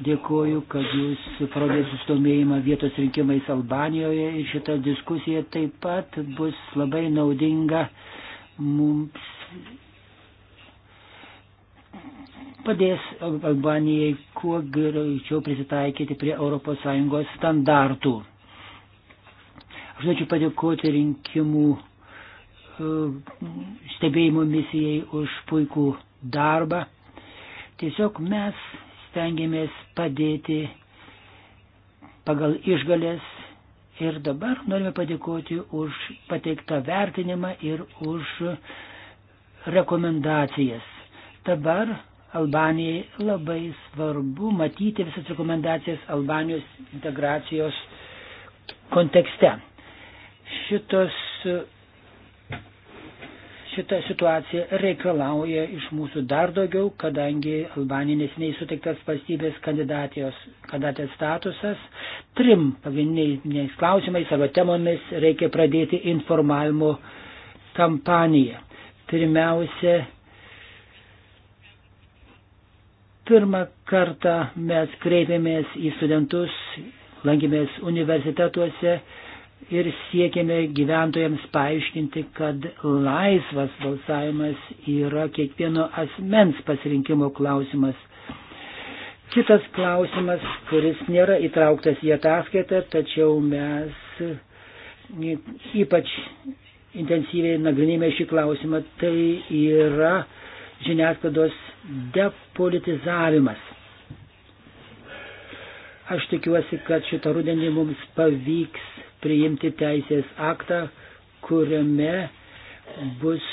Dėkuoju, kad jūs parodėte susidomėjimą vietos rinkimais Albanijoje ir šita diskusija taip pat bus labai naudinga mums. Padės Albanijai kuo greičiau prisitaikyti prie ES standartų. Aš norėčiau padėkoti rinkimų e, stebėjimo misijai už puikų darbą. Tiesiog mes stengiamės padėti pagal išgalės ir dabar norime padėkoti už pateiktą vertinimą ir už rekomendacijas. Dabar Albanijai labai svarbu matyti visas rekomendacijas Albanijos integracijos kontekste. Šitos šita situacija reikalauja iš mūsų dar daugiau, kadangi Albanija nesiniai suteiktas valstybės kandidatės, kandidatės statusas. Trim pagrindiniais klausimais arba temomis reikia pradėti informavimo kampaniją. Pirmiausia, pirmą kartą mes kreipėmės į studentus, lankėmės universitetuose ir siekiame gyventojams paaiškinti, kad laisvas balsavimas yra kiekvieno asmens pasirinkimo klausimas. Kitas klausimas, kuris nėra įtrauktas į ataskaitą, tačiau mes ypač intensyviai nagrinėjame šį klausimą, tai yra žiniasklaidos depolitizavimas. Aš tikiuosi, kad šitą rudenį mums pavyks priimti teisės aktą, kuriame bus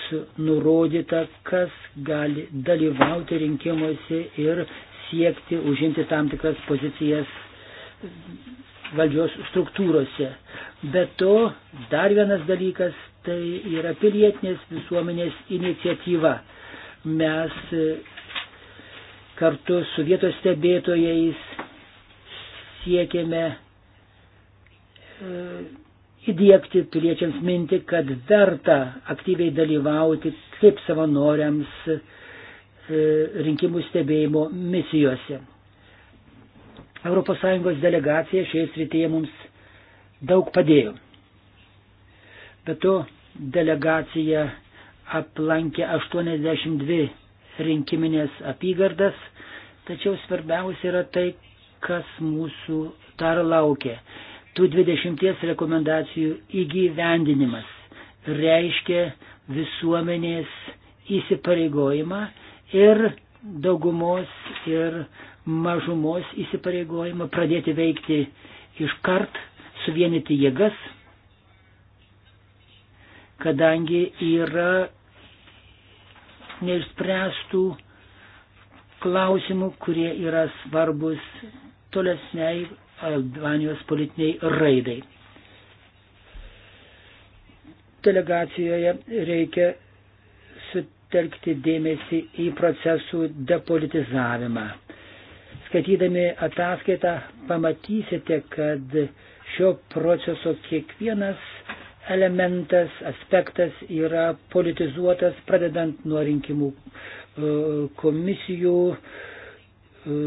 nurodyta, kas gali dalyvauti rinkimuose ir siekti užimti tam tikras pozicijas valdžios struktūrose. Be to, dar vienas dalykas tai yra pilietinės visuomenės iniciatyva. Mes kartu su vietos stebėtojais siekėme E, įdėkti piliečiams mintį, kad verta aktyviai dalyvauti kaip savanoriams e, rinkimų stebėjimo misijose. ES delegacija šioje srityje mums daug padėjo. Be to, delegacija aplankė 82 rinkiminės apygardas, tačiau svarbiausia yra tai, kas mūsų dar laukia tų 20 rekomendacijų įgyvendinimas reiškia visuomenės įsipareigojimą ir daugumos ir mažumos įsipareigojimą pradėti veikti iškart, suvienyti jėgas, kadangi yra neišspręstų klausimų, kurie yra svarbus tolesniai Albanijos politiniai raidai. Delegacijoje reikia sutelkti dėmesį į procesų depolitizavimą. Skaitydami ataskaitą pamatysite, kad šio proceso kiekvienas elementas, aspektas yra politizuotas, pradedant nuo rinkimų e, komisijų, e,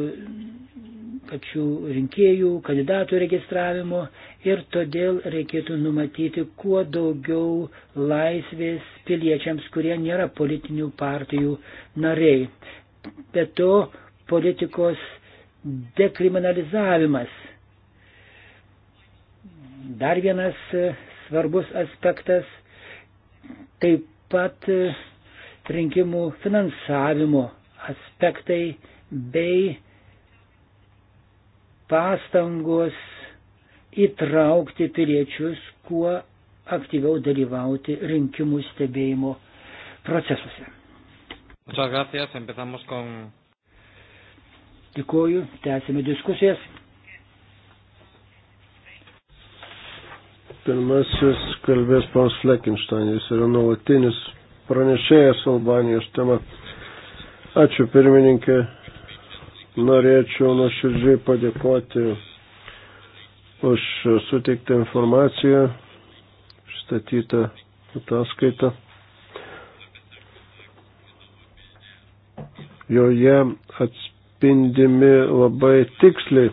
pačių rinkėjų, kandidatų registravimo ir todėl reikėtų numatyti kuo daugiau laisvės piliečiams, kurie nėra politinių partijų nariai. Be to, politikos dekriminalizavimas. Dar vienas svarbus aspektas - taip pat rinkimų finansavimo aspektai bei pastangos įtraukti piliečius kuo aktyviau dalyvauti rinkimų stebėjimo procesuose. Muchas gracias. Empezamos con. Dėkuoju. Tęsime diskusijas. Pirmasis kalbės panas Fleckenstein. Jis yra nuolatinis pranešėjas Albanijos tema. Ačiū pirmininkė norėčiau nuoširdžiai padėkoti už suteiktą informaciją, statytą ataskaitą. Joje atspindimi labai tiksliai,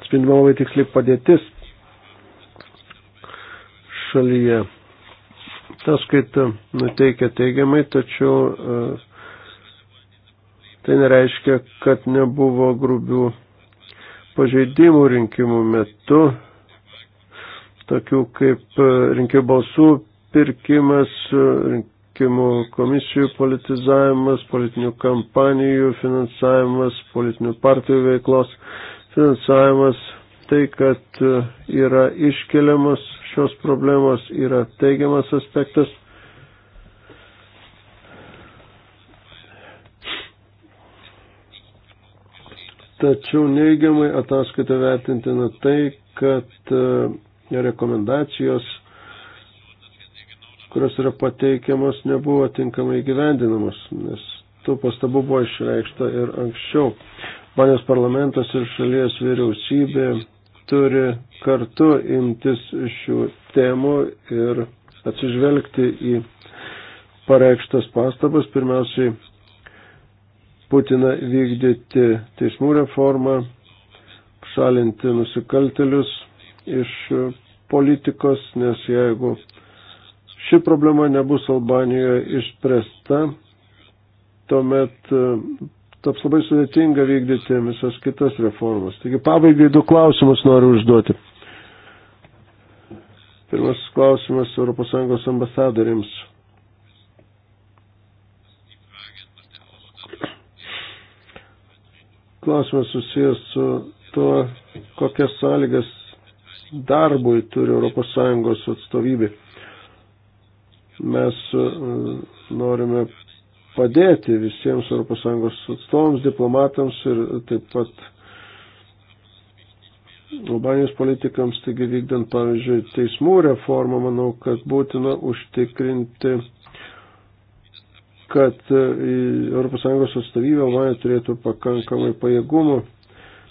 atspindima labai tiksliai padėtis šalyje. Ta skaita nuteikia teigiamai, tačiau uh, Tai nereiškia, kad nebuvo grubių pažeidimų rinkimų metu, tokių kaip e, rinkėjų balsų pirkimas, e, rinkimų komisijų politizavimas, politinių kampanijų finansavimas, politinių partijų veiklos finansavimas. Tai, kad e, yra iškeliamas šios problemos, yra teigiamas aspektas Tačiau neigiamai ataskaita vertintina tai, kad e, rekomendacijos, kurios yra pateikiamos, nebuvo tinkamai gyvendinamos, nes tų pastabų buvo išreikšta ir anksčiau. Manęs parlamentas ir šalies vyriausybė turi kartu imtis šių temų ir atsižvelgti į pareikštas pastabas, pirmiausiai Putina vykdyti teismų reformą, šalinti nusikaltelius iš politikos, nes jeigu ši problema nebus Albanijoje išspręsta, tuomet e, taps labai sudėtinga vykdyti visas kitas reformas. Taigi pabaigai du klausimus noriu užduoti. Pirmas klausimas ES ambasadoriams klausimas susijęs su tuo, kokias sąlygas darbui turi ES atstovybė. Mes e, norime padėti visiems ES atstovams, diplomatams ir taip pat Albanijos politikams, taigi vykdant, pavyzdžiui, teismų reformą, manau, kad būtina užtikrinti kad ES atstovybė mane turėtų pakankamai pajėgumų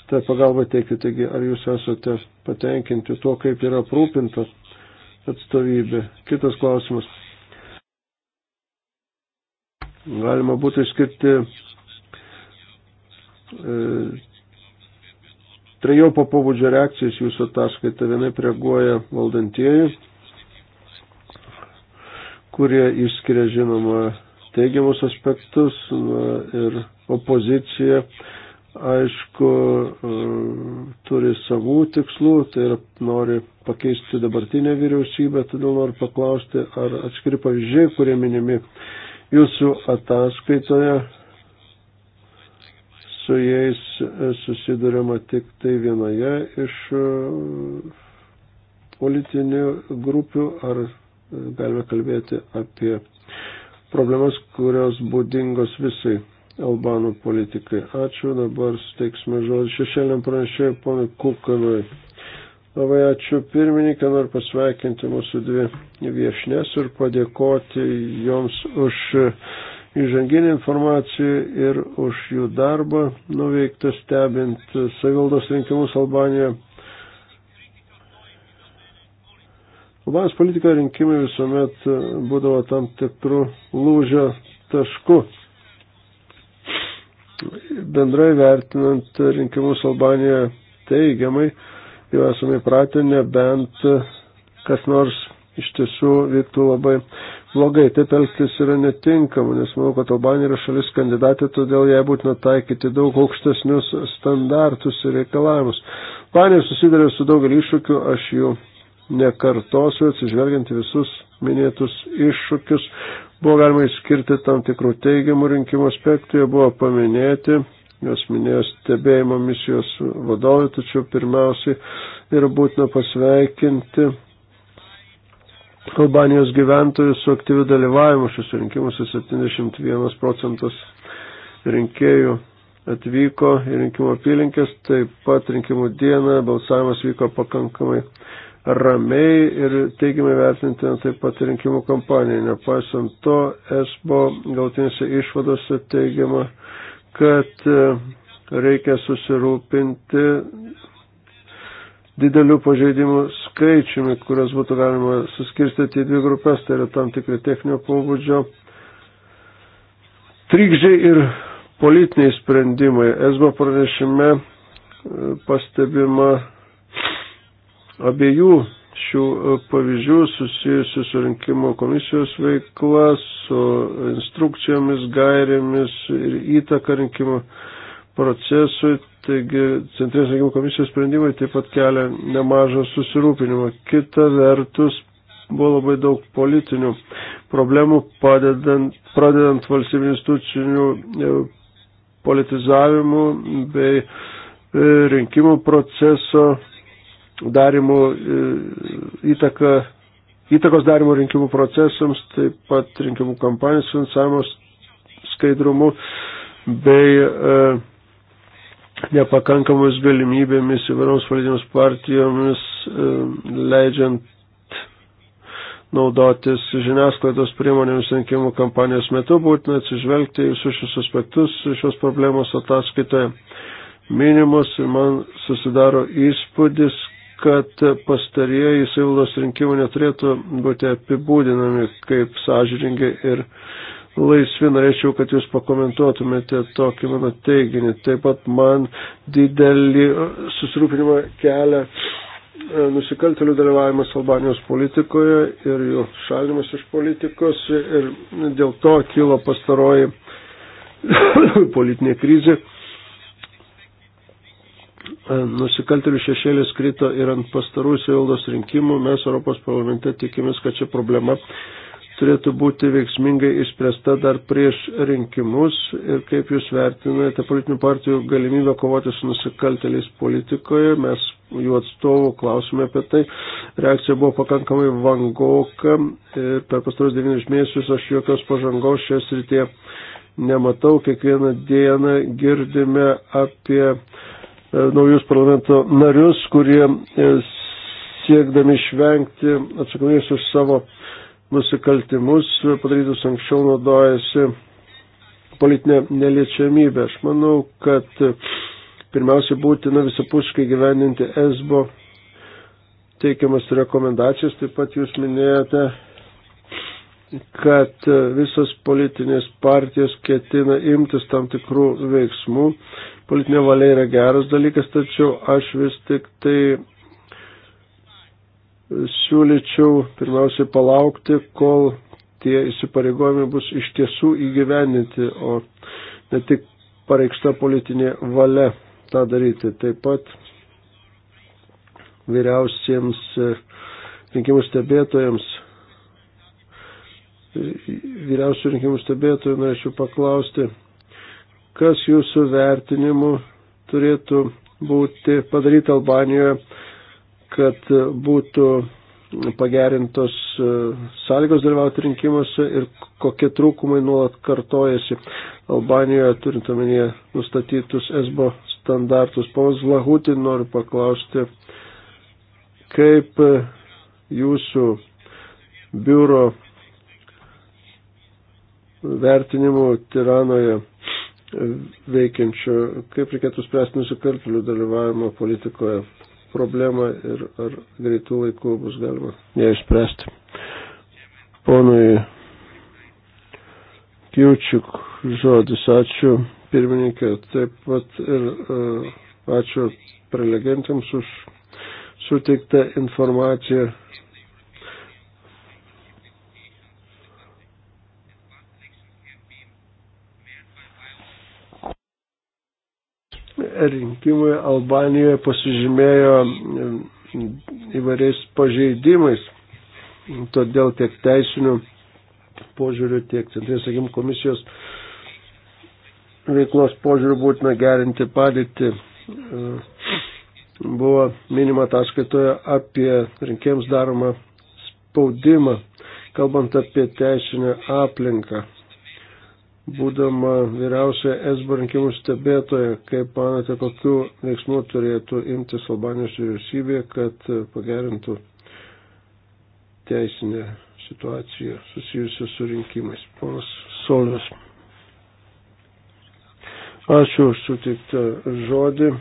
tą pagalbą teikti. Taigi, ar jūs esate patenkinti tuo, kaip yra aprūpinta atstovybė? Kitas klausimas. Galima būtų išskirti e, trejopo pobūdžio reakcijas jūsų ataskaitą. Vienai reaguoja valdantieji, kurie išskiria žinoma teigiamus aspektus na, ir opozicija, aišku, e, turi savų tikslų, tai yra nori pakeisti dabartinę vyriausybę, todėl noriu paklausti, ar atskiri pavyzdžiai, kurie minimi jūsų ataskaitoje, su jais susidurima tik tai vienoje iš e, politinių grupių, ar galime kalbėti apie problemas, kurios būdingos visai Albanų politikai. Ačiū, dabar steiksime žodį šešėliam pranešėjui ponui Kukanui. Labai ačiū pirmininką, noriu pasveikinti mūsų dvi viešnės ir padėkoti joms už įžanginį informaciją ir už jų darbą nuveiktą stebint savivaldos rinkimus Albanijoje. Albanijos politika rinkimai visuomet e, būdavo tam tikrų lūžio taškų. Bendrai vertinant rinkimus Albanijoje teigiamai, jau esame įpratę, nebent kas nors iš tiesų vyktų labai blogai. Taip elgtis yra netinkama, nes manau, kad Albanija yra šalis kandidatė, todėl jai būtina taikyti daug aukštesnius standartus ir reikalavimus. Albanija susidarė su daugeliu iššūkių, aš jų nekartosiu, atsižvelgiant visus minėtus iššūkius, buvo galima išskirti tam tikrų teigiamų rinkimų aspektų, jie buvo paminėti, jos minėjo stebėjimo misijos vadovė, tačiau pirmiausiai yra būtina pasveikinti Albanijos gyventojus su aktyviu dalyvavimu šiuose rinkimuose 71 procentas rinkėjų atvyko į rinkimų apylinkės, taip pat rinkimų dieną balsavimas vyko pakankamai ramiai ir teigiamai vertinti taip pat rinkimų kampaniją. Nepaisant to, ESBO galtinėse išvadose teigiama, kad e, reikia susirūpinti didelių pažeidimų skaičiumi, kurias būtų galima suskirstyti į dvi grupės, tai yra tam tikri techninio pobūdžio trikdžiai ir politiniai sprendimai. ESBO pranešime e, pastebima abiejų šių e, pavyzdžių susijusių su rinkimo komisijos veikla, su instrukcijomis, gairėmis ir įtaka rinkimo procesui. Taigi Centrinės rinkimų komisijos sprendimai taip pat kelia nemažą susirūpinimą. Kita vertus, buvo labai daug politinių problemų, padedant, pradedant valstybinių institucijų e, politizavimu bei e, rinkimų proceso darimo e, įtaka, įtakos darimo rinkimų procesams, taip pat rinkimų kampanijos finansavimo skaidrumu bei e, nepakankamus galimybėmis įvairioms valdžios partijomis e, leidžiant naudotis žiniasklaidos priemonėmis rinkimų kampanijos metu, būtina atsižvelgti į visus šios aspektus šios problemos ataskaitoje minimos ir man susidaro įspūdis, kad pastarieji savivaldos rinkimai neturėtų būti apibūdinami kaip sąžininkai ir laisvi. Norėčiau, kad jūs pakomentuotumėte tokį mano teiginį. Taip pat man didelį susirūpinimą kelia e, nusikaltelių dalyvavimas Albanijos politikoje ir jų šalimas iš politikos ir dėl to kilo pastaroji politinė krizė. E, nusikaltelių šešėlis krito ir ant pastarųjų savivaldos rinkimų. Mes Europos parlamente tikimės, kad čia problema turėtų būti veiksmingai išspręsta dar prieš rinkimus ir kaip jūs vertinate politinių partijų galimybę kovoti su nusikalteliais politikoje. Mes jų atstovų klausime apie tai. Reakcija buvo pakankamai vangoka ir per pastarus devynis mėnesius aš jokios pažangos šioje srityje nematau. Kiekvieną dieną girdime apie E, naujus parlamento narius, kurie e, siekdami išvengti atsakomybės už savo nusikaltimus padarytus anksčiau naudojasi politinė neliečiamybė. Aš manau, kad e, pirmiausia būtina visapuškai gyveninti ESBO teikiamas rekomendacijas, taip pat jūs minėjote kad visos politinės partijos ketina imtis tam tikrų veiksmų, politinė valia yra geras dalykas, tačiau aš vis tik tai siūlyčiau pirmiausiai palaukti, kol tie įsipareigojimai bus iš tiesų įgyveninti, o ne tik pareikšta politinė valia tą daryti. Taip pat vyriausiems rinkimų stebėtojams, vyriausių rinkimų stebėtojų norėčiau paklausti, kas jūsų vertinimu turėtų būti padaryta Albanijoje, kad būtų pagerintos e, sąlygos dalyvauti rinkimuose ir kokie trūkumai nuolat kartojasi Albanijoje, turint omenyje nustatytus esbo standartus. Pavas Vlahutį noriu paklausti, kaip e, jūsų biuro vertinimu Tiranoje veikiančių, kaip reikėtų spręsti nusikaltėlių dalyvavimo politikoje problemą ir ar greitų laikų bus galima ją išspręsti. Ponui Kiučiuk žodis, ačiū pirmininkė, taip pat ir uh, ačiū prelegentams už suteiktą informaciją. rinkimai Albanijoje pasižymėjo e, įvairiais pažeidimais, todėl tiek teisinių požiūrių, tiek centrinės, sakykim, komisijos veiklos požiūrių būtina gerinti padėtį. E, buvo minima ataskaitoje apie rinkėjams daromą spaudimą, kalbant apie teisinę aplinką būdama vyriausia esbo rinkimų stebėtoja, kaip manote, kokiu veiksmu turėtų imtis Albanijos vyriausybė, kad pagerintų teisinę situaciją susijusią su rinkimais. Ponas Solis. Ačiū už sutiktą žodį.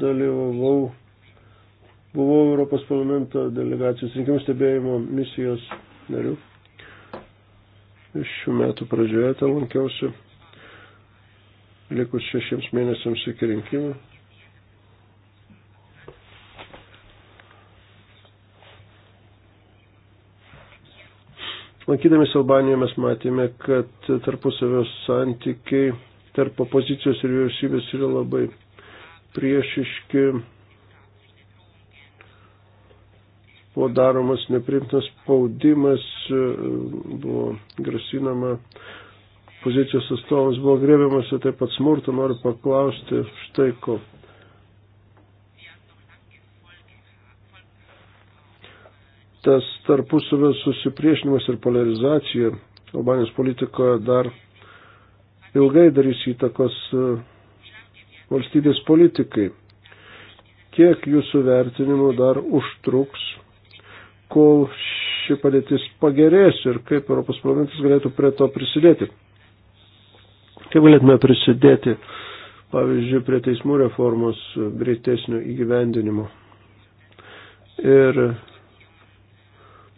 Dalyvavau, buvau Europos parlamento delegacijos rinkimų stebėjimo misijos narių. Šių metų pradžioje ten lankiausi, likus šešiems mėnesiams iki rinkimų. Lankydamės Albaniją mes matėme, kad tarpusavio santykiai tarp opozicijos ir vyriausybės yra labai priešiški buvo daromas neprimtinas spaudimas, e, buvo grasinama pozicijos atstovams, buvo grėbiamasi taip pat smurto, noriu paklausti štai ko. Tas tarpusavio susipriešinimas ir polarizacija Albanijos politikoje dar ilgai darys įtakos e, valstybės politikai. Kiek jūsų vertinimų dar užtruks kol ši padėtis pagerės ir kaip Europos parlamentas galėtų prie to prisidėti. Kaip galėtume prisidėti, pavyzdžiui, prie teismų reformos greitesnio įgyvendinimo ir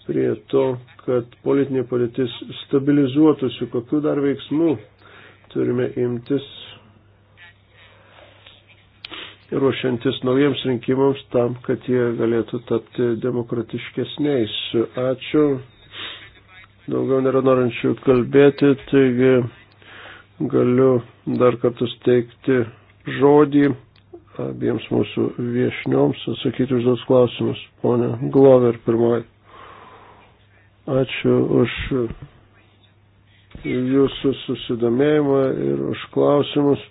prie to, kad politinė padėtis stabilizuotųsi, kokiu dar veiksmu turime imtis ruošiantis naujiems rinkimams tam, kad jie galėtų tapti demokratiškesniais. Ačiū. Daugiau nėra norinčių kalbėti, taigi galiu dar kartą steigti žodį abiems mūsų viešnioms atsakyti už tos klausimus. Pone Glover pirmoji. Ačiū už jūsų susidomėjimą ir už klausimus.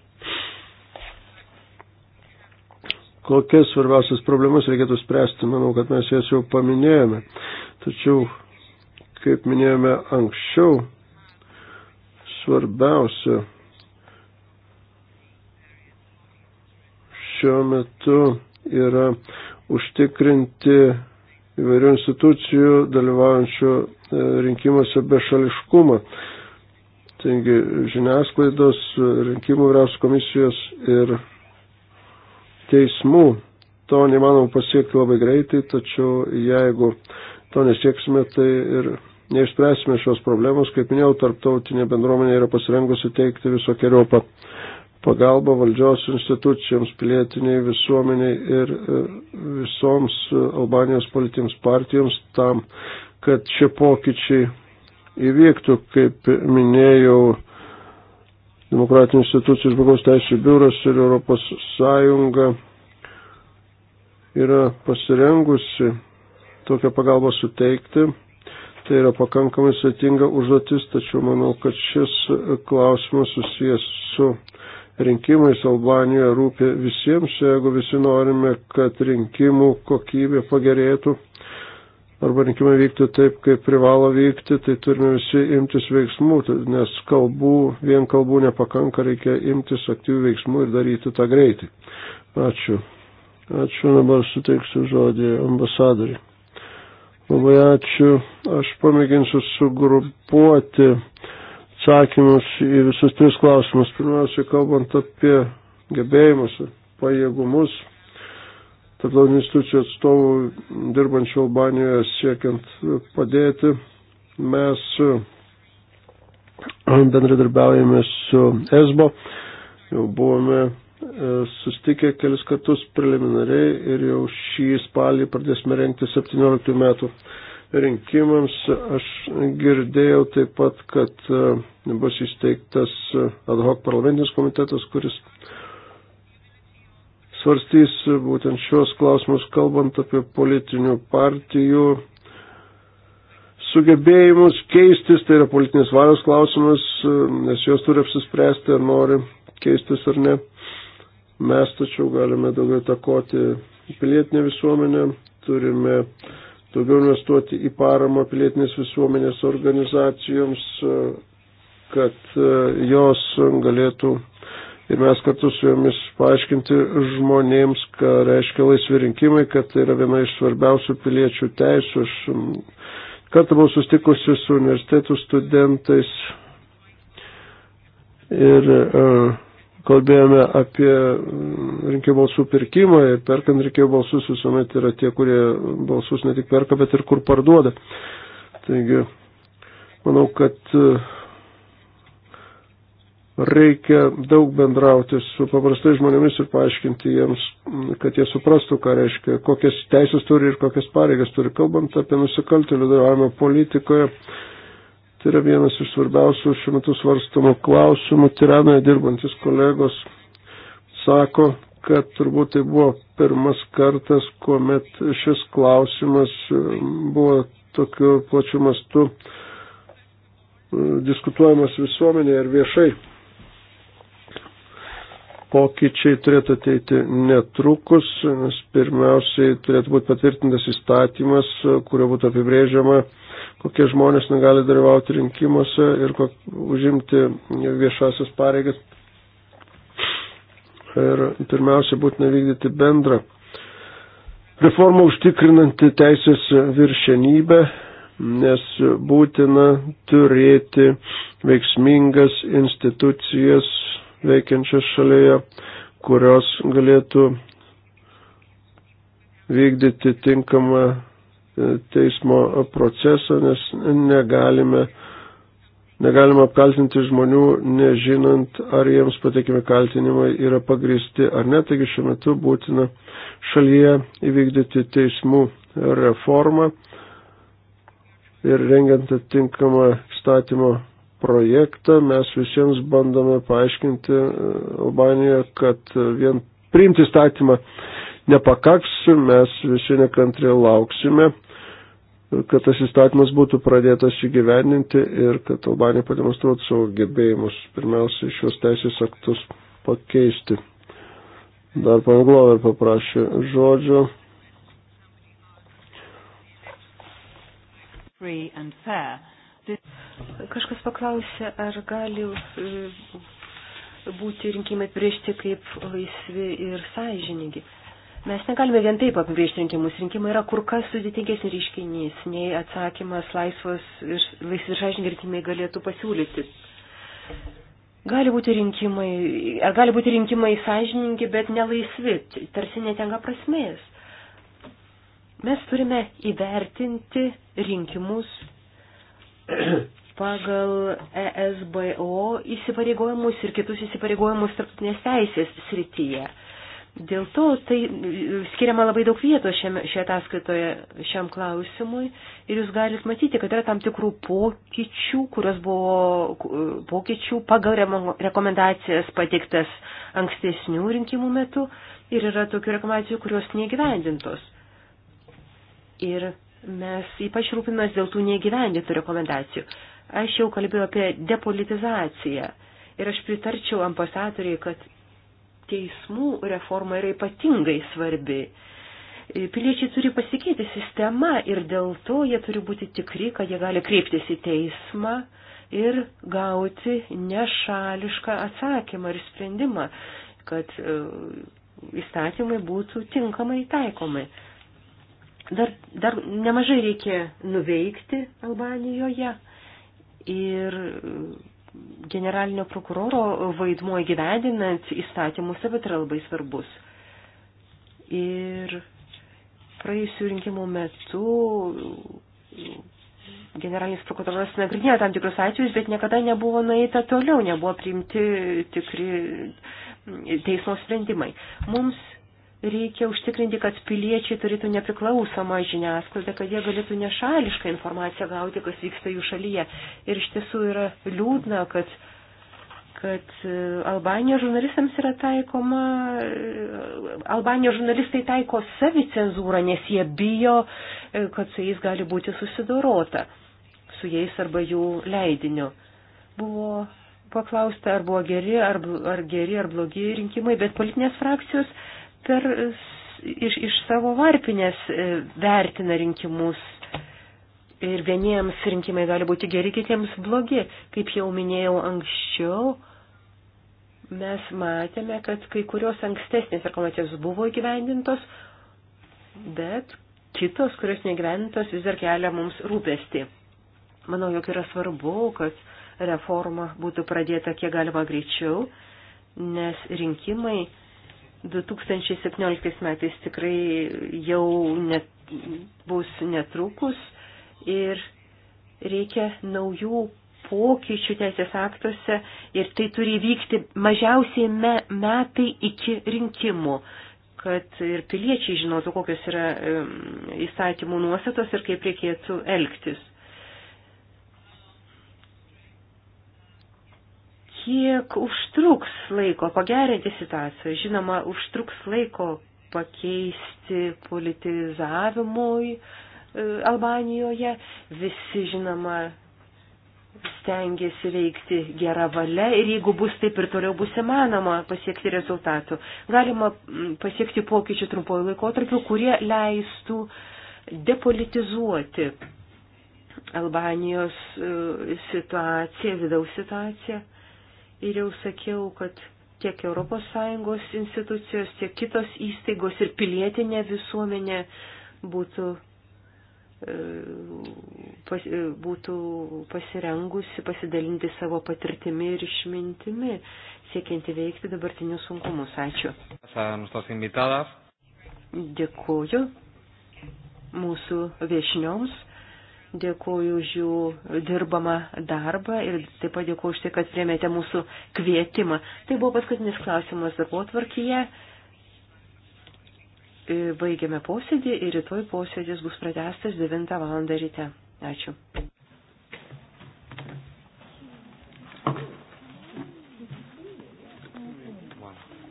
kokias svarbiausias problemas reikėtų spręsti. Manau, kad mes jas jau paminėjome. Tačiau, kaip minėjome anksčiau, svarbiausia šiuo metu yra užtikrinti įvairių institucijų dalyvaujančių e, rinkimuose bešališkumą. Taigi žiniasklaidos, rinkimų vyriausios komisijos ir teismų. To neįmanoma pasiekti labai greitai, tačiau jeigu to nesieksime, tai ir neišspręsime šios problemos. Kaip minėjau, tarptautinė bendruomenė yra pasirengusi teikti visokiojopą pagalbą valdžios institucijoms, pilietiniai visuomeniai ir e, visoms e, Albanijos politinėms partijoms tam, kad šie pokyčiai įvyktų, kaip minėjau, demokratinių institucijų žmogaus teisų biuras ir Europos Sąjunga yra pasirengusi tokią pagalbą suteikti. Tai yra pakankamai sėtinga užduotis, tačiau manau, kad šis klausimas susijęs su rinkimais Albanijoje rūpia visiems, jeigu visi norime, kad rinkimų kokybė pagerėtų arba rinkimai vyktų taip, kaip privalo vykti, tai turime visi imtis veiksmų, nes kalbų, vien kalbų nepakanka, reikia imtis aktyvių veiksmų ir daryti tą greitai. Ačiū. Ačiū, dabar suteiksiu žodį ambasadoriui. Labai ačiū. Aš pamėginsiu sugrupuoti atsakymus į visus tris klausimus. Pirmiausia, kalbant apie gebėjimus, pajėgumus tarptautinių institucijų atstovų dirbančių Albanijoje siekiant padėti. Mes eh, bendradarbiaujame su ESBO, jau buvome eh, sustikę kelis kartus preliminariai ir jau šį spalį pradėsime renkti 17 metų rinkimams. Aš girdėjau taip pat, kad eh, bus įsteigtas ad hoc parlamentinis komitetas, kuris svarstys būtent šios klausimus, kalbant apie politinių partijų sugebėjimus keistis, tai yra politinės valios klausimas, nes jos turi apsispręsti, ar nori keistis ar ne. Mes tačiau galime daugiau takoti pilietinę visuomenę, turime daugiau investuoti į paramą pilietinės visuomenės organizacijoms, kad jos galėtų ir mes kartu su jomis paaiškinti žmonėms, ką reiškia laisvi rinkimai, kad tai yra viena iš svarbiausių piliečių teisų. Aš kartą buvau sustikusi su universitetų studentais ir uh, kalbėjome apie rinkėjų balsų pirkimą ir perkant rinkėjų balsus visuomet yra tie, kurie balsus ne tik perka, bet ir kur parduoda. Taigi, manau, kad uh, reikia daug bendrauti su paprastai žmonėmis ir paaiškinti jiems, kad jie suprastų, ką reiškia, kokias teisės turi ir kokias pareigas turi. Kalbant apie nusikaltėlių dalyvavimą politikoje, tai yra vienas iš svarbiausių šiuo metu svarstamų klausimų. Tiranoje dirbantis kolegos sako, kad turbūt tai buvo pirmas kartas, kuomet šis klausimas e, buvo tokiu plačiu mastu e, diskutuojamas visuomenėje ir viešai pokyčiai turėtų ateiti netrukus, nes pirmiausiai turėtų būti patvirtintas įstatymas, kurio būtų apibrėžiama, kokie žmonės negali dalyvauti rinkimuose ir kok, užimti viešasias pareigas. Ir pirmiausia būtina vykdyti bendrą reformą užtikrinanti teisės viršenybę, nes būtina turėti veiksmingas institucijas veikiančias šalyje, kurios galėtų vykdyti tinkamą e, teismo procesą, nes negalime, negalime apkaltinti žmonių, nežinant, ar jiems patikimi kaltinimai yra pagristi ar ne. Taigi šiuo metu būtina šalyje įvykdyti teismų reformą ir rengiant atitinkamą statymo projektą mes visiems bandome paaiškinti e, Albanijoje, kad e, vien priimti statymą nepakaks, mes visi nekantriai lauksime, e, kad tas įstatymas būtų pradėtas įgyveninti ir kad Albanija pademonstruotų savo gebėjimus, pirmiausia, šios teisės aktus pakeisti. Dar Panglover paprašė žodžio. Free and fair Kažkas paklausė, ar gali e, būti rinkimai priešti kaip laisvi ir sąžiningi. Mes negalime vien taip apibriežti rinkimus. Rinkimai yra kur kas sudėtingesnis reiškinys, nei atsakymas laisvos ir laisvi sąžininkai rinkimai galėtų pasiūlyti. Gali būti rinkimai, ar gali būti rinkimai sąžiningi, bet nelaisvi, tarsi netenka prasmės. Mes turime įvertinti rinkimus pagal ESBO įsipareigojimus ir kitus įsipareigojimus tarptautinės teisės srityje. Dėl to tai e, skiriama labai daug vietos šiame, šioje ataskaitoje šiam klausimui ir jūs galit matyti, kad yra tam tikrų pokyčių, kurios buvo e, pokyčių pagal rekomendacijas pateiktas ankstesnių rinkimų metu ir yra tokių rekomendacijų, kurios negyvendintos. Ir Mes ypač rūpinamės dėl tų neįgyvendintų rekomendacijų. Aš jau kalbėjau apie depolitizaciją ir aš pritarčiau ambasadoriai, kad teismų reforma yra ypatingai svarbi. Piliečiai turi pasikeiti sistema ir dėl to jie turi būti tikri, kad jie gali kreiptis į teismą ir gauti nešališką atsakymą ir sprendimą, kad e, įstatymai būtų tinkamai taikomi. Dar, dar nemažai reikia nuveikti Albanijoje ir generalinio prokuroro vaidmuo įgyvendinant įstatymus taip pat yra labai svarbus. Ir praėjusių rinkimų metu generalinis prokuroras nagrinėjo tam tikrus atvejus, bet niekada nebuvo nueita toliau, nebuvo priimti tikri teismo sprendimai. Mums reikia užtikrinti, kad piliečiai turėtų nepriklausomą žiniasklaidą, kad jie galėtų nešališką informaciją gauti, kas vyksta jų šalyje. Ir iš tiesų yra liūdna, kad, kad e, Albanijos žurnalistams yra taikoma, e, Albanijos žurnalistai taiko savicenzūrą, nes jie bijo, e, kad su jais gali būti susidorota, su jais arba jų leidiniu. Buvo paklausta, ar buvo geri, ar, ar geri, ar blogi rinkimai, bet politinės frakcijos per, iš, iš savo varpinės e, vertina rinkimus. Ir vieniems rinkimai gali būti geri, kitiems blogi. Kaip jau minėjau anksčiau, mes matėme, kad kai kurios ankstesnės rekomendacijos buvo įgyvendintos, bet kitos, kurios negyvendintos, vis dar kelia mums rūpesti. Manau, jog yra svarbu, kad reforma būtų pradėta kiek galima greičiau, nes rinkimai 2017 metais tikrai jau net, bus netrukus ir reikia naujų pokyčių teisės aktuose ir tai turi vykti mažiausiai me, metai iki rinkimų, kad ir piliečiai žinotų, kokios yra įstatymų nuostatos ir kaip reikėtų elgtis. kiek užtruks laiko pagerinti situaciją. Žinoma, užtruks laiko pakeisti politizavimui e, Albanijoje. Visi, žinoma, stengiasi veikti gerą valią ir jeigu bus taip ir toliau bus įmanoma pasiekti rezultatų. Galima pasiekti pokyčių trumpojo laikotarpiu, kurie leistų depolitizuoti Albanijos e, situaciją, vidaus situaciją ir jau sakiau, kad tiek ES institucijos, tiek kitos įstaigos ir pilietinė visuomenė būtų, e, pas, e, būtų pasirengusi pasidalinti savo patirtimi ir išmintimi, siekiant įveikti dabartinius sunkumus. Ačiū. Dėkuoju mūsų viešnioms dėkoju už jų dirbamą darbą ir taip pat dėkoju už tai, kad priemėte mūsų kvietimą. Tai buvo paskutinis klausimas darbo tvarkyje. E, Baigėme posėdį ir rytoj posėdis bus pratestas 9 val. ryte. Ačiū.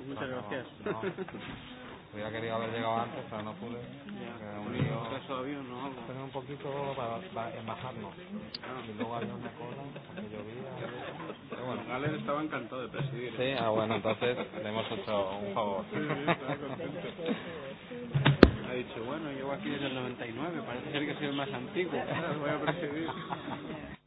Muchas gracias. Hubiera querido haber llegado antes, pero no pude. Ya, un lío. Caso avión, ¿no? Pero un poquito para, para embajarnos. Ah. Y luego había una cola, que llovía. Pero bueno. Gales estaba encantado de presidir. Sí, ¿eh? ah, bueno, entonces le hemos hecho un favor. Sí, sí, ha dicho, bueno, llevo aquí desde el 99, parece ser que soy el más antiguo. Voy a presidir.